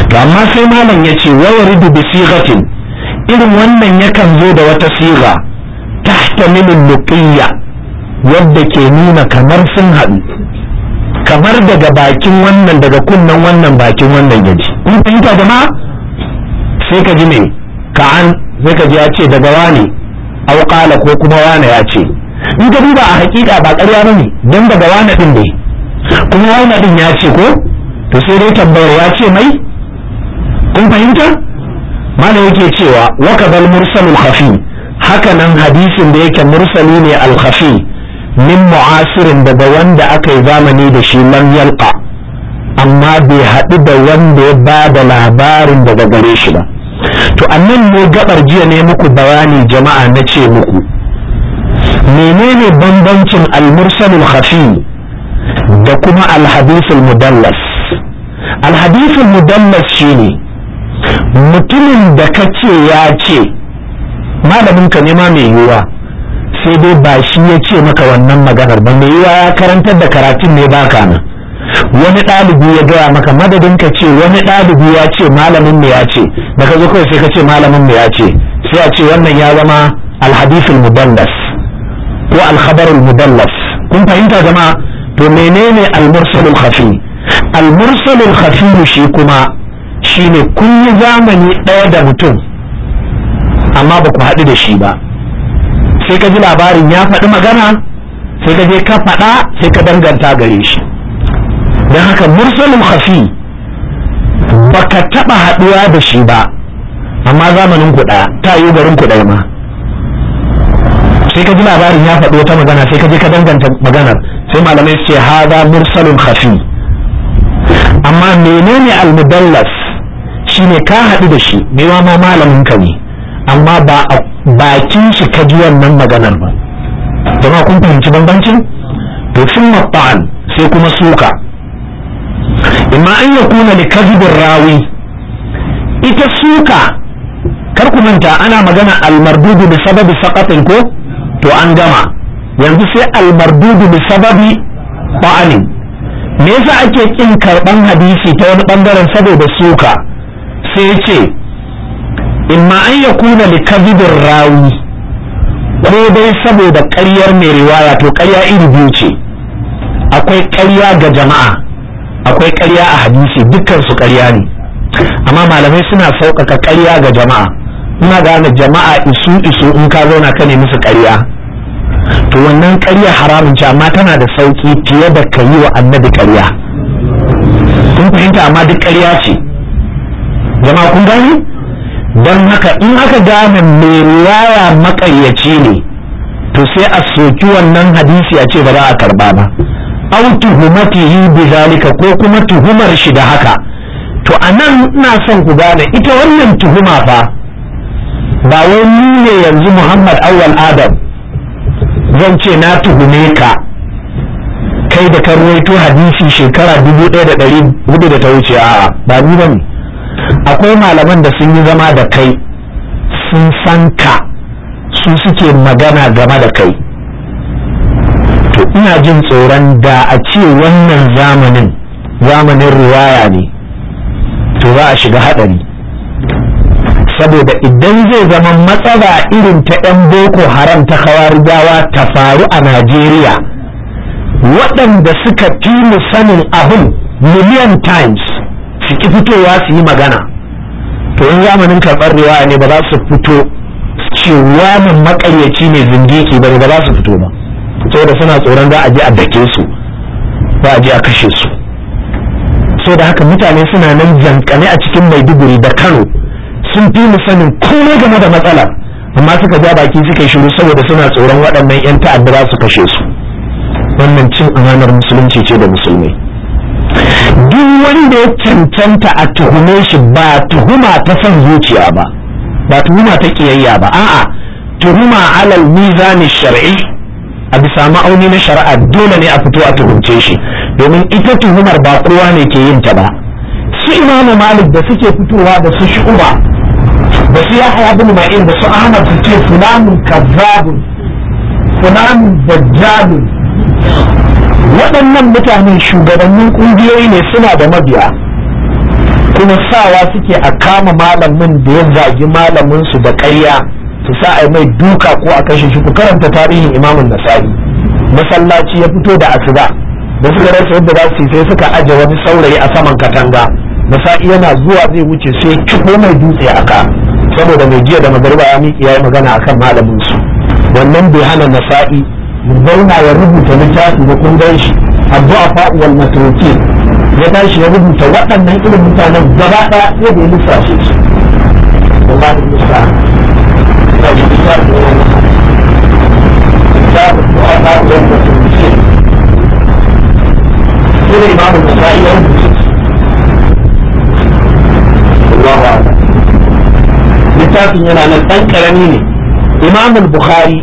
to amma sai malam ya ce wayaridu bi sigatin irin wannan yakan zo da wata siga tahtamilu luƙiyya, wadda ke nuna kamar sun haɗu kamar daga bakin wannan daga kunnen wannan bakin wannan yaji kun fahimta jama'a sai ka ji me ka an sai ka ji ya ce daga wani aw qala ko kuma wane ya ce in ka duba a hakika ba ƙarya ne don daga wane din ne kuma wane din ya ce ko to sai dai tambayar ya ce mai kun fahimta mana yake cewa wa kadal mursalul khafi haka nan hadisin da yake mursali ne al khafi min mu'asirin daga wanda aka yi zamani da shi lam yalqa amma bai haɗu da wanda ya ba da labarin daga gare shi ba to annan ne gabar jiya ne muku bayani jama'a na ce muku menene bambancin almursalul khafi da kuma Alhadisul mudallas Alhadisul mudallas shine mutumin da kace ya ce malamin ka ne ma mai yiwuwa. sai dai ba shi ya ce maka wannan maganar ba mai yiwuwa ya karantar da karatun ne baka nan wani ɗalibi ya gaya maka madadin ka ce wani ɗalibi ya ce malamin mu ya ce da ka zo kawai sai ka ce malamin mu ya ce sai a ce wannan ya zama alhadithul mudallas ko alkhabarul mudallas kun fahimta jama'a to menene almursalul khafi almursalul khafi shi kuma shine kun yi zamani ɗaya da mutum amma ba ku haɗu da shi ba sai ka ji labarin ya faɗi magana sai ka je ka faɗa sai ka danganta gare shi don haka mursalin hafi baka taɓa haduwa da shi ba amma zamanin ku ta yi garin ku ma sai ka ji labarin ya faɗo ta magana sai ka je ka danganta maganar sai malamai su ce haza mursalin hafi amma menene almudallas shine ka haɗu da shi mewa ma malamin ka ne amma ba a bakin shi ka ji wannan maganar ba jama'a kun fahimci bambancin to sun sai kuma suka imma an ya kuna da kazibin rawi ita suka karku manta ana magana almardudu da sababi sakatin ko to an gama yanzu sai almardudu da sababi ba'anin me yasa ake kin karban hadisi ta wani ɓangaren saboda suka sai ya ce imma an ya kuna da kazibin rawi ko dai saboda ƙaryar mai riwaya to ƙarya iri biyu ce akwai ƙarya ga jama'a akwai karya a hadisi dukkan su ƙarya ne amma malamai suna sauƙaƙa karya ga jama'a muna gane jama'a isu isu in ka zauna ka ne musu karya. to wannan karya haramun ce amma tana da sauƙi fiye da ka yi wa annabi karya. kun fahimta amma duk ƙarya ce jama'a kun gani don haka in aka gane mai laya maƙaryaci ne to sai a soki wannan hadisi a ce ba za a karba ba aw tuhumatihi bi zalika ko kuma tuhumar shi da haka to anan ina son ku gane ita wannan tuhuma fa ba wai ne yanzu Muhammad Awwal Adam zan ce na tuhume ka kai da ka ruwaito hadisi shekara dubu da ta wuce a ba ni bane akwai malaman da sun yi zama da kai sun san ka su suke magana game da kai to ina jin tsoron da a ce wannan zamanin zamanin riwaya ne to za a shiga haɗari saboda idan zai zama matsala irin ta 'yan boko haram ta kawarigawa ta faru a najeriya waɗanda suka fi mu sanin abin miliyan times su ki fitowa su yi magana to in zamanin karɓar riwaya ne ba za su fito cewa wani makaryaci ne zindiki ba ne ba za su fito ba saboda suna tsoron za a je a dake su za a je a kashe su saboda haka mutane suna nan jankane a cikin maiduguri da kano sun fi mu sanin komai game da matsala amma suka ja baki suka shiru saboda suna tsoron waɗannan 'yan ta'adda za su kashe su wannan cin amanar musulunci ce da musulmi duk wanda ya cancanta a tuhume shi ba tuhuma ta son zuciya ba ba tuhuma ta kiyayya ba a'a tuhuma alal mizani shar'i a bisa ma'auni na shari'a dole ne a fito a tuhunce shi domin ita tuhumar ba kowa ne ke yin ta ba su imamu malik da suke fitowa da su shuba da su ya haya bin ma'in da su ahmad su ce fulanun kazzabun fulanun waɗannan mutane shugabannin ƙungiyoyi ne suna da mabiya kuma sawa suke a kama malamin da ya zagi malamin su da ƙarya su sa a mai duka ko a kashe shi ku karanta tarihin imamun nasari masallaci ya fito da asuba da suka rasa yadda za su yi sai suka ajiye wani saurayi a saman katanga nasa'i yana zuwa zai wuce sai ciko mai dutse a ka saboda mai jiya da magariba ya miƙi ya yi magana akan kan su wannan bai hana nasa'i zauna ya rubuta littafi da kundin shi addu'a fa'uwal matrukin ya tashi ya rubuta waɗannan irin mutanen gaba ɗaya sai da ya lissafe su السؤال هو السؤال السؤال ما هو ينبغي المشكلة كل إمام النسائي ينبغي الله أعلم littafin yana nan ɗan ƙarami ne imamul bukhari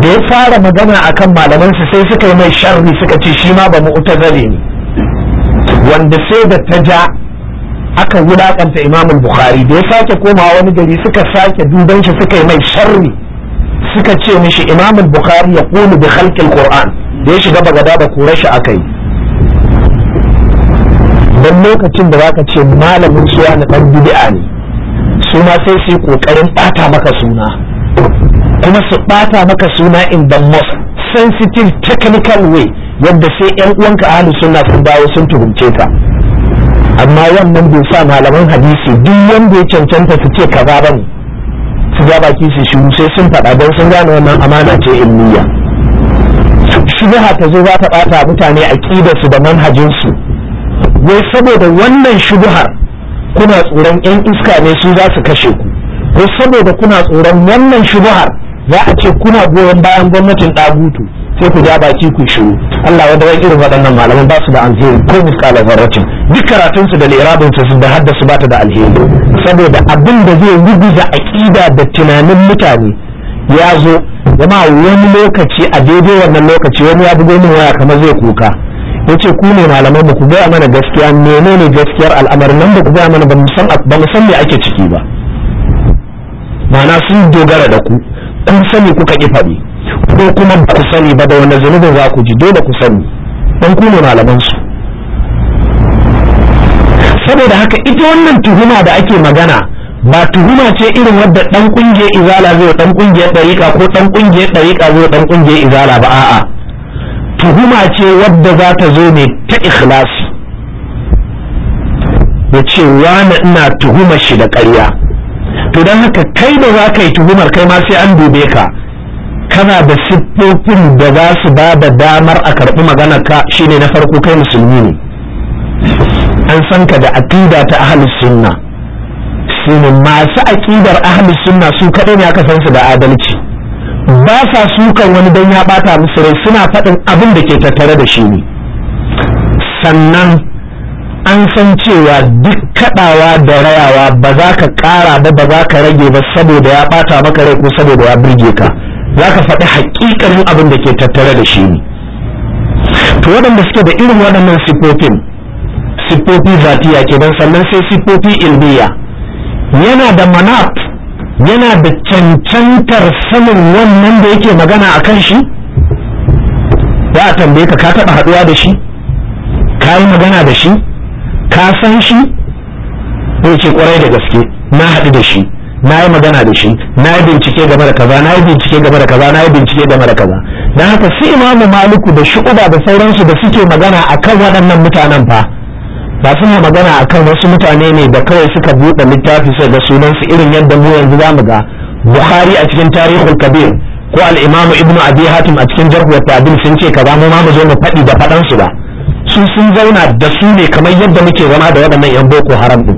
da ya fara magana akan malamansa sai suka yi mai sharri suka ce shi ma ba mu'tazali ne wanda sai da ta ja aka wulakanta imam bukhari da ya sake komawa wani gari suka sake duban shi suka yi mai sharri suka ce mishi imam bukhari ya kulu bi khalqil qur'an da ya shiga bagada da kurashi shi akai dan lokacin da zaka ce malamin suwa na dan bid'a ne ma sai su yi kokarin bata maka suna kuma su bata maka suna in the most sensitive technical way yadda sai yan uwanka ahlus sunna sun dawo sun tuhumce ka amma wannan bai sa malaman hadisi duk wanda ya cancanta su ce kaza ba ne su ja baki su shiru sai sun faɗa don sun gane wannan amana ce ilmiya shubha ta zo za ta ɓata mutane a su da manhajinsu wai saboda wannan shubhar kuna tsoron 'yan iska ne su za su kashe ku ko saboda kuna tsoron wannan shubhar za a ce kuna goyon bayan gwamnatin dagutu sai ku ja baki ku shiru Allah wanda wai irin waɗannan malaman ba su da alheri ko misqala zarratin duk karatun su da irabin su da haddasa ba ta da alheri saboda abin da zai ruguza aqida da tunanin mutane ya zo jama'a wani lokaci a daidai wannan lokaci wani ya bugo min waya kamar zai kuka yace ku ne malaman mu ku gaya mana gaskiya menene gaskiyar al'amarin nan ba ku gaya mana ba mu san ba san me ake ciki ba Mana sun dogara da ku kun sani kuka ki faɗi ko kuma ba ku sani ba da wani zunubin za ku ji dole ku sani don ku ne malaman su saboda haka ita wannan tuhuma da ake magana ba tuhuma ce irin wadda dan kungiyar izala zai dan kungiyar dariƙa ko dan kungiyar dariƙa zai dan kungiyar izala ba a'a tuhuma ce wadda za ta zo ne ta ikhlasi da ce wani ina tuhumar shi da ƙarya to don haka kai da za ka yi tuhumar kai ma sai an dube ka kana da siffofin da za su ba da damar a karɓi magana ka shine na farko kai musulmi ne an san ka da aqida ta ahlus sunna shine masu aqidar ahlus sunna su kaɗai ne aka san su da adalci ba sa sukan wani dan ya ɓata musu rai suna faɗin abin da ke tattare da shi ne sannan an san cewa duk kaɗawa da rayawa ba za ka ƙara ba ba za ka rage ba saboda ya ɓata maka rai ko saboda ya birge ka za ka faɗi haƙiƙanin abin da ke tattare da shi ne to waɗanda suke da irin waɗannan siffofin siffofi zatiya don sannan sai siffofi ilmiya yana da manaf yana da cancantar sanin wannan da yake magana a kan shi ya tambaye ka ka taɓa haɗuwa da shi ka yi magana da shi ka san shi ko ce ƙwarai da gaske na haɗu da shi na yi magana da shi na yi bincike game da kaza na yi bincike game da kaza na yi bincike game da kaza don haka su imamu maliku da shu'uba da sauransu da suke magana akan waɗannan mutanen fa ba suna magana akan wasu mutane ne da kawai suka buɗe littafi sai ga sunansu irin yadda mu yanzu zamu ga buhari a cikin tarihul kabir ko al-imamu ibnu abi hatim a cikin jarh wa sun ce kaza mu ma mu zo mu faɗi da faɗansu ba su sun zauna da su ne kamar yadda muke zama da waɗannan yan boko haram din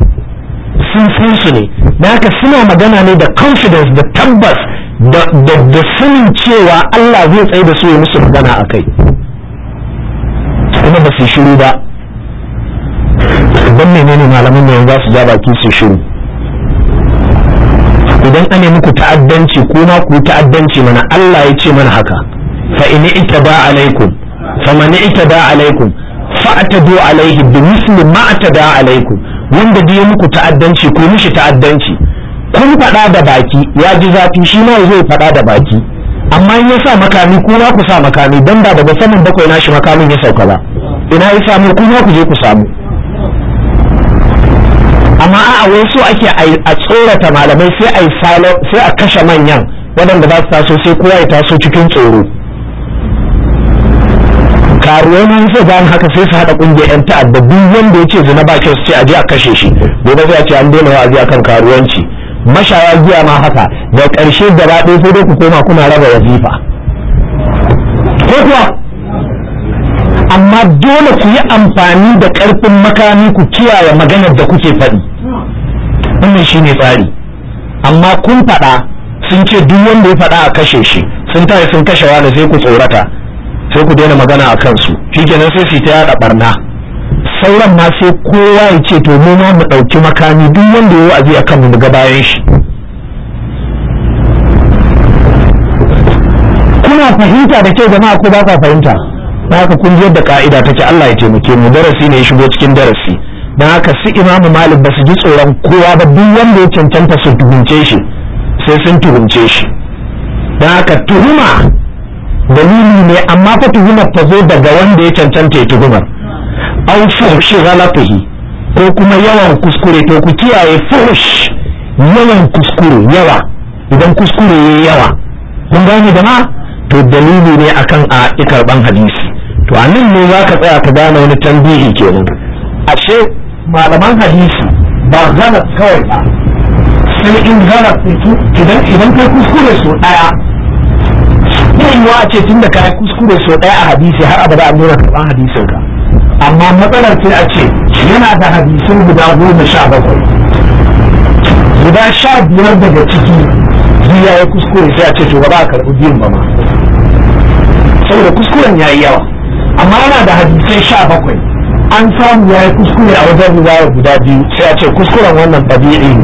sun san ne da haka suna magana ne da confidence da tabbas da sanin cewa Allah zai tsaye da su ya musu magana a kai kuma ba su shiru ba don menene malaman ne za su ja baki su shiru idan an yi muku ta'addanci kuma ku ta'addanci mana Allah ya ce mana haka fa ita ba alaikum fa ita ba alaikum do alaihi bi misli ma atada alaikum wanda biye muku ta'addanci ko mishi ta'addanci kun faɗa da baki ya ji zafi shi ma zai faɗa da baki amma in ya sa makami ku ma ku sa makami dan ba daga saman bakwai nashi makamin ya sauka ba ina ya samu ku ma ku je ku samu amma a'a wai so ake a tsorata malamai sai a sai a kashe manyan waɗanda za su taso sai kowa ya taso cikin tsoro karuwai mun sai bayan haka sai su haɗa ƙungiyar 'yan ta'adda duk wanda ya ce zina ba kyau su ce aje a kashe shi gobe zai ce an daina wa'azi akan karuwanci mashaya giya ma haka da ƙarshe da ɗaya sai dai ku koma kuna raba wazifa ko kuwa amma dole ku yi amfani da ƙarfin makami ku kiyaye maganar da kuke faɗi wannan shine tsari amma kun faɗa sun ce duk wanda ya faɗa a kashe shi sun tashi sun kashe wani sai ku tsorata sai ku daina magana a kansu shi kenan sai su ta yada barna sauran ma sai kowa ya ce to mu mu ɗauki makami duk wanda ya wa'azi a kanmu mu ga bayan shi kuna fahimta da kyau jama'a ko ba ka fahimta ba ka kun yadda ka'ida take Allah ya taimake mu darasi ne ya shigo cikin darasi don haka su imamu malik ba su ji tsoron kowa ba duk wanda ya cancanta su tuhunce shi sai sun tuhunce shi don haka tuhuma dalili ne amma fa tuhumar ta zo daga wanda ya cancanta ya tuhumar au fushi ghalatihi ko kuma yawan kuskure to ku kiyaye fush yawan kuskure yawa idan kuskure yayi yawa kun gane da ma to dalili ne akan a karban hadisi to a nan ne za ka tsaya ka gane wani tambihi kenan ashe malaman hadisi ba zanat kawai ba sai in zanat idan kai kuskure su daya zai yi a ce tun da kayan kuskure sau ɗaya a hadisi har abada an nuna karɓar hadisin ka amma matsalar sai a ce yana da hadisin guda goma sha bakwai guda sha biyar daga ciki biya ya kuskure sai a ce shugaba ba a karɓi biyun ba ma saboda kuskuren ya yi yawa amma yana da hadisai sha bakwai an samu ya yi kuskure a wajen riwaya guda biyu sai a ce kuskuren wannan ɗabi'i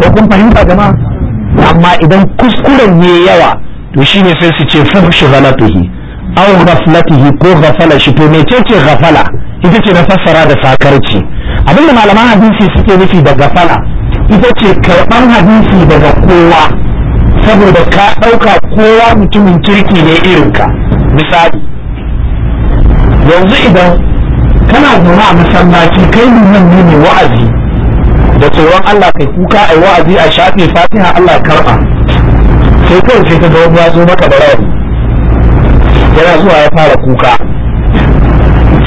ne kun fahimta jama'a amma idan kuskuren ne yawa to shi ne sai su ce fuhshi ghalatihi aw ghaflatihi ko ghafala shi to mecece ghafala ita ce na fassara da sakarci abinda malaman hadisi suke nufi da ghafala ita ce karban hadisi daga kowa saboda ka ɗauka kowa mutumin kirki ne irinka misali yanzu idan kana zama a masallaci kai liman ne mai wa'azi da tsoron Allah kai kuka ai wa'azi a shafe fatiha Allah karba sai kawai sai ta ga wani zo maka da rawa yana zuwa ya fara kuka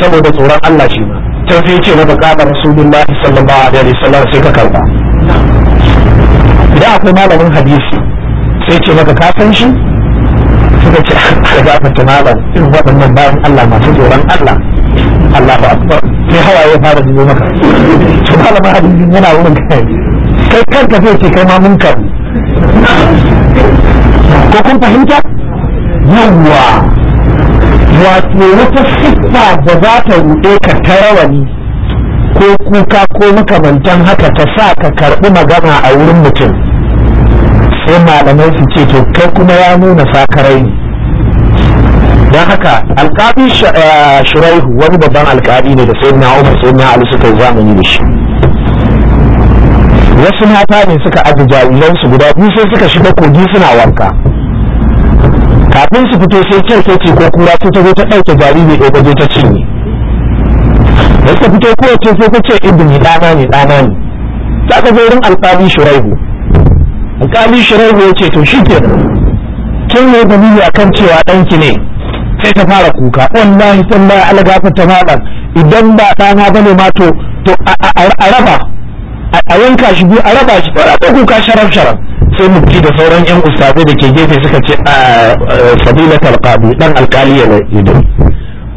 saboda tsoron Allah shi ma ta sai ce maka kaɗa rasulullah sallallahu alaihi wasallam sai ka karba idan akwai malamin hadisi sai ce maka ka san shi suka ce a ga mutum malam irin waɗannan bayan Allah masu tsoron Allah Allahu akbar sai ya fara zubo maka su malama hadisin yana wurin kai kai kanka zai ce kai ma mun karu ko kun fahimta yawwa wato wata siffa da za ta ruɗe ka ta rawani ko kuka ko makamantan haka ta sa ka karɓi magana a wurin mutum sai malamai su ce to kai kuma ya nuna sakarai ne don haka alƙabi shiraihu eh, wani babban alƙabi ne da sayyidina umar sayyidina ali suka yi zamani da shi wasu mata ne suka aji jariransu guda biyu sai suka shiga kogi suna wanka kafin su fito sai kyarkeci ko kura ta zo ta ɗauke jariri ɗaya gaje ta cinye da suka fito kowace sai ta ce ibni ɗana ne ɗana ne ta ka zo rin alƙali Shiraihu? alƙali Shiraihu ya ce to shi ke kin ne dalili akan cewa ɗanki ne sai ta fara kuka wallahi alaga algafar ta malam idan ba ɗana bane ma to to a raba a yanka shi biyu a raba shi fara ta kuka sharaf sharaf sai mufti da sauran yan ustaze da ke gefe suka ce a sabila talqabi dan alkali ya ido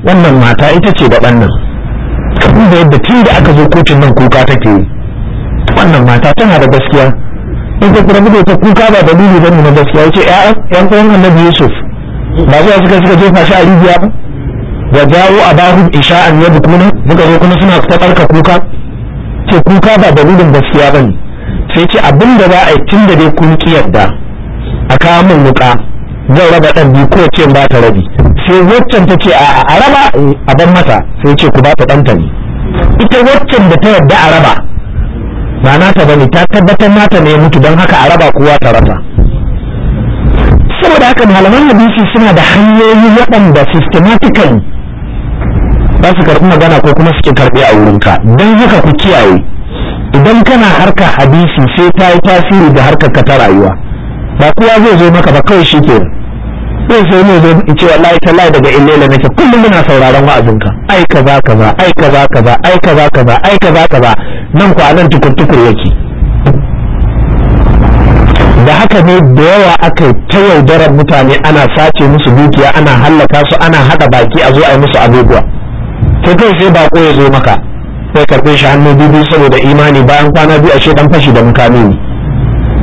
wannan mata ita ce da dan nan kuma da yadda tun da aka zo kotun nan kuka take wannan mata tana da gaskiya in ta kuma ta kuka ba dalili bane na gaskiya yace ya'an yan uwan annabi yusuf ba zuwa suka suka jefa shi a rijiya ba wa jawo a bahun isha'an ya bukuna muka zo kuma suna ta barka kuka ce kuka ba dalilin gaskiya ba ne sai ce abin da za a yi tun da dai kun ki yadda. a kawo min wuka zan raba ɗan biyu ko ce ba ta rabi sai waccan ta ce a raba a ban mata sai ce ku ba ta ɗanta ne ita waccan da ta yarda a raba ba nata bane ta tabbatar nata ne mutu don haka a raba kowa ta rasa saboda haka malaman hadisi suna da hanyoyi waɗanda systematically ba su karɓi magana ko kuma suke karɓi a wurinka don haka ku kiyaye idan kana harka hadisi sai ta yi tasiri da harkar ka ta rayuwa ba kowa zai zo maka ba kawai shi ke zai sai ne zo in ce wallahi lai daga illela nake kullum muna sauraron wa'azinka ai kaza kaza ai kaza kaza ai kaza kaza ai kaza kaza nan ku a tukur tukur yake da haka ne da yawa aka ta yaudarar mutane ana sace musu dukiya ana hallaka su ana hada baki a zo a yi musu abubuwa to kai sai bako ya zo maka sai karbe shi hannu biyu saboda imani bayan kwana biyu ashe dan fashi da mukami ne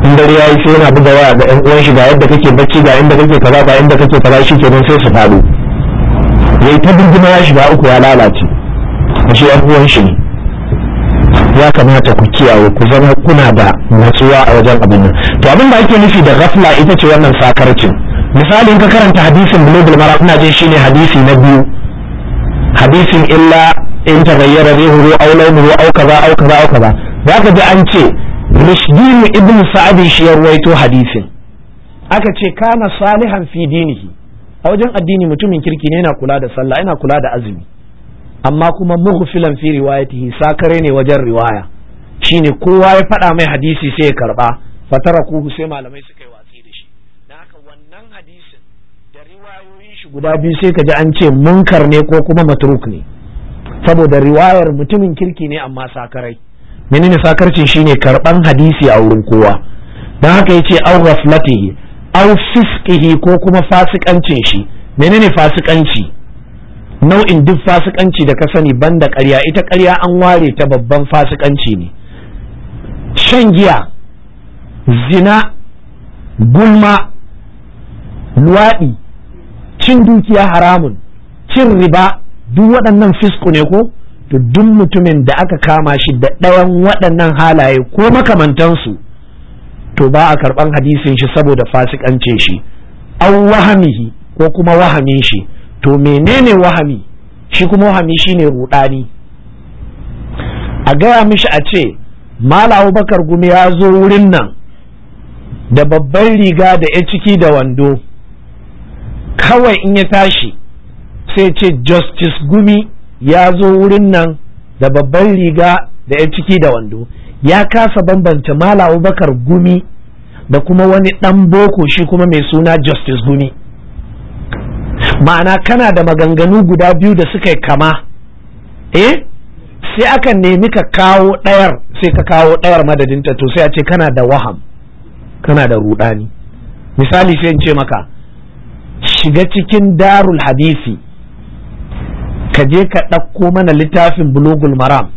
in dare yayi sai yana buga waya ga yan uwan shi ga yadda kake bacci ga inda kake kaza ga inda kake kaza shi ke sai su faɗo yayi ta birgima ya shiga uku ya lalace shi yan uwan shi ne ya kamata ku kiyaye ku zama kuna da natsuwa a wajen abin nan to abin da ake nufi da rafla ita ce wannan sakarcin misali in ka karanta hadisin bulugul mara ina jin shine hadisi na biyu hadisin illa in taghayyara rihuhu aw launuhu aw kaza aw kaza aw kaza ka ji an ce rushdin ibn sa'd shi ya ruwaito hadisin aka ce kana salihan fi dinihi a wajen addini mutumin kirki ne yana kula da sallah yana kula da azumi amma kuma mughfilan fi riwayatihi sakare ne wajen riwaya shine kowa ya faɗa mai hadisi sai ya karba fatarakuhu sai malamai suka kai watsi da shi dan haka wannan hadisin da riwayoyin shi guda biyu sai kaji an ce munkar ne ko kuma matruk ne saboda riwayar mutumin kirki ne amma sakarai menene sakarcin shine karban hadisi a wurin kowa dan haka yace aw raflatihi aw fiskihi ko kuma fasikancin shi menene fasikanci nau'in duk fasikanci da ka sani banda ƙarya ita ƙarya an ware ta babban fasikanci ne shan giya zina gulma luwaɗi cin dukiya haramun cin riba duk waɗannan fisku ne ko to duk mutumin da aka kama shi da ɗawan waɗannan halaye ko makamantansu to ba a karɓan hadisin shi saboda fasikance shi an wahamihi ko kuma wahamin shi to menene wahami shi kuma wahami shine rudani a gaya mishi a ce mala Bakar gumi ya zo wurin nan da babban riga da ya ciki da wando kawai in ya tashi sai ce justice gumi ya zo wurin nan da babban riga da ya ciki da wando ya kasa bambanta mala Bakar gumi da kuma wani ɗan boko shi kuma mai suna justice gumi ma'ana kana da maganganu guda biyu da suka yi kama eh sai aka nemi ka kawo ɗayar sai ka kawo ɗayar madadinta to sai a ce kana da waham kana da rudani misali sai in ce maka shiga cikin darul hadisi ka je ka ɗauko mana littafin bulogul maram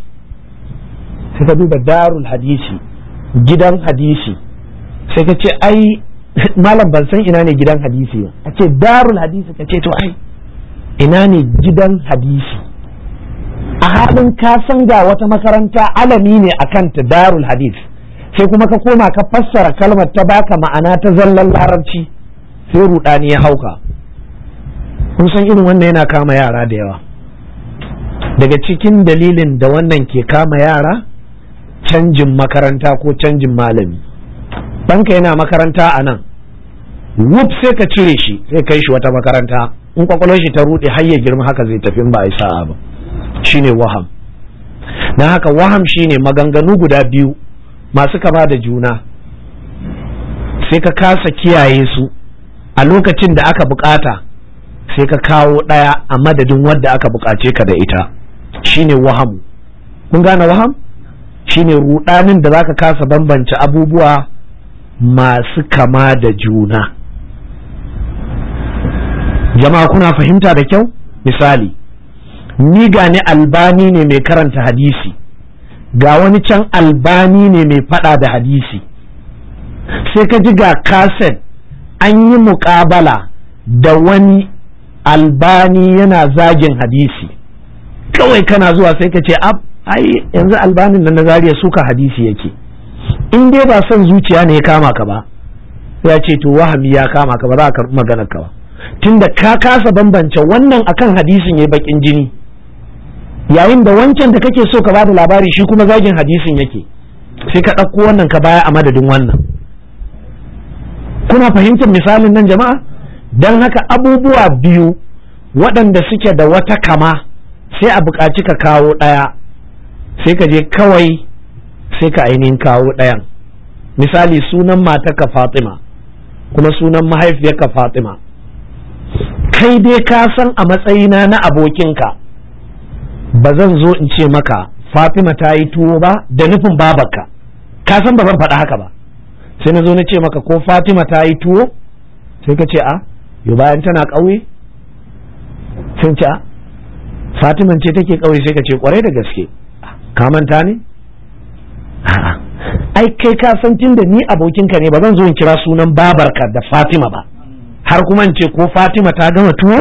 sai ka duba darul hadisi gidan hadisi sai ka ce ai malam ban san ina ne gidan hadisi ba a ce darul hadisi ka ce to ai ina ne gidan hadisi a halin ka san ga wata makaranta alami ne a kanta darul hadisi sai kuma ka koma ka fassara kalmar ta baka ma'ana ta zallan larabci sai rudani ya hauka kun san irin wannan yana kama yara da yawa daga cikin dalilin da wannan ke kama yara canjin makaranta ko canjin malami ɗanka yana makaranta a nan wuf sai ka cire shi sai kai shi wata makaranta in kwakwalwar shi ta rude har ya girma haka zai tafi ba a yi sa'a ba shine waham na haka waham shine maganganu guda biyu masu kama da juna sai ka kasa kiyaye su a lokacin da aka bukata sai ka kawo ɗaya a madadin wadda aka bukace ka da ita shine waham mun gane waham shine rudanin da zaka kasa bambance abubuwa masu kama da juna jama'a kuna fahimta da kyau misali ni ga ni albani ne mai karanta hadisi ga wani can albani ne mai fada da hadisi sai ka ji ga kaset an yi mukabala da wani albani yana zagin hadisi kawai kana zuwa sai ka ce ab ai yanzu albanin nan na zariya suka hadisi yake in dai ba son zuciya ne ya kama ka ba ya ce to wahami ya kama ka ba za a karɓi maganar ka ba tunda ka kasa bambance wannan akan hadisin ya bakin jini yayin da wancan da kake so ka bada labari shi kuma zagin hadisin yake sai ka ɗauko wannan ka baya a madadin wannan kuna fahimtar misalin nan jama'a don haka abubuwa biyu waɗanda suke da wata kama sai a buƙaci ka kawo ɗaya sai ka je kawai sai ka ainihin kawo ɗayan misali sunan matarka fatima kuma sunan mahaifiyarka fatima kai dai ka san a matsayina na abokinka ba zan zo in ce maka fatima ta yi tuwo ba da nufin babarka ka san ba zan faɗa haka ba sai na zo na ce maka ko fatima ta yi tuwo sai ka ce a yo bayan tana ƙauye sun ce a Fatima ce take ƙauye sai ka ce ƙwarai da gaske ka manta ne ai kai ka san tun da ni abokinka ne ba zan zo in kira sunan babarka da fatima ba har kuma ce ko fatima ta gama tuwo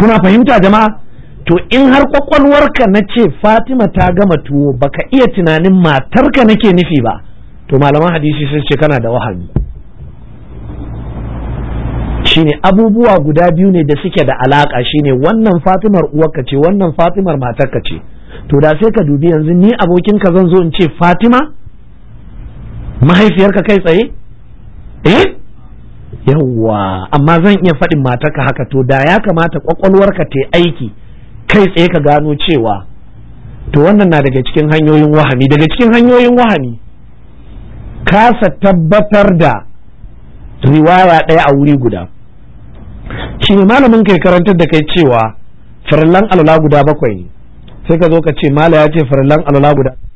kuna fahimta jama'a to in har kwakwalwarka na ce fatima ta gama tuwo baka iya tunanin matarka nake nufi ba to malaman hadisi sun ce kana da wahami shine abubuwa guda biyu ne da suke da alaka shine wannan fatimar uwarka ce wannan fatimar matarka ce to da sai ka dubi yanzu ni abokinka zan zo in ce fatima mahaifiyarka kai tsaye eh yawwa amma zan iya faɗin ka haka to da ya kamata kwakwalwarka ta aiki kai tsaye ka gano cewa to wannan na daga cikin hanyoyin wahami daga cikin hanyoyin wahami kasa tabbatar da riwaya ɗaya a wuri guda shi ne malamin kai karantar da kai cewa farallan alala guda bakwai ne sai ka zo ka ce mala ya ce farallan alala guda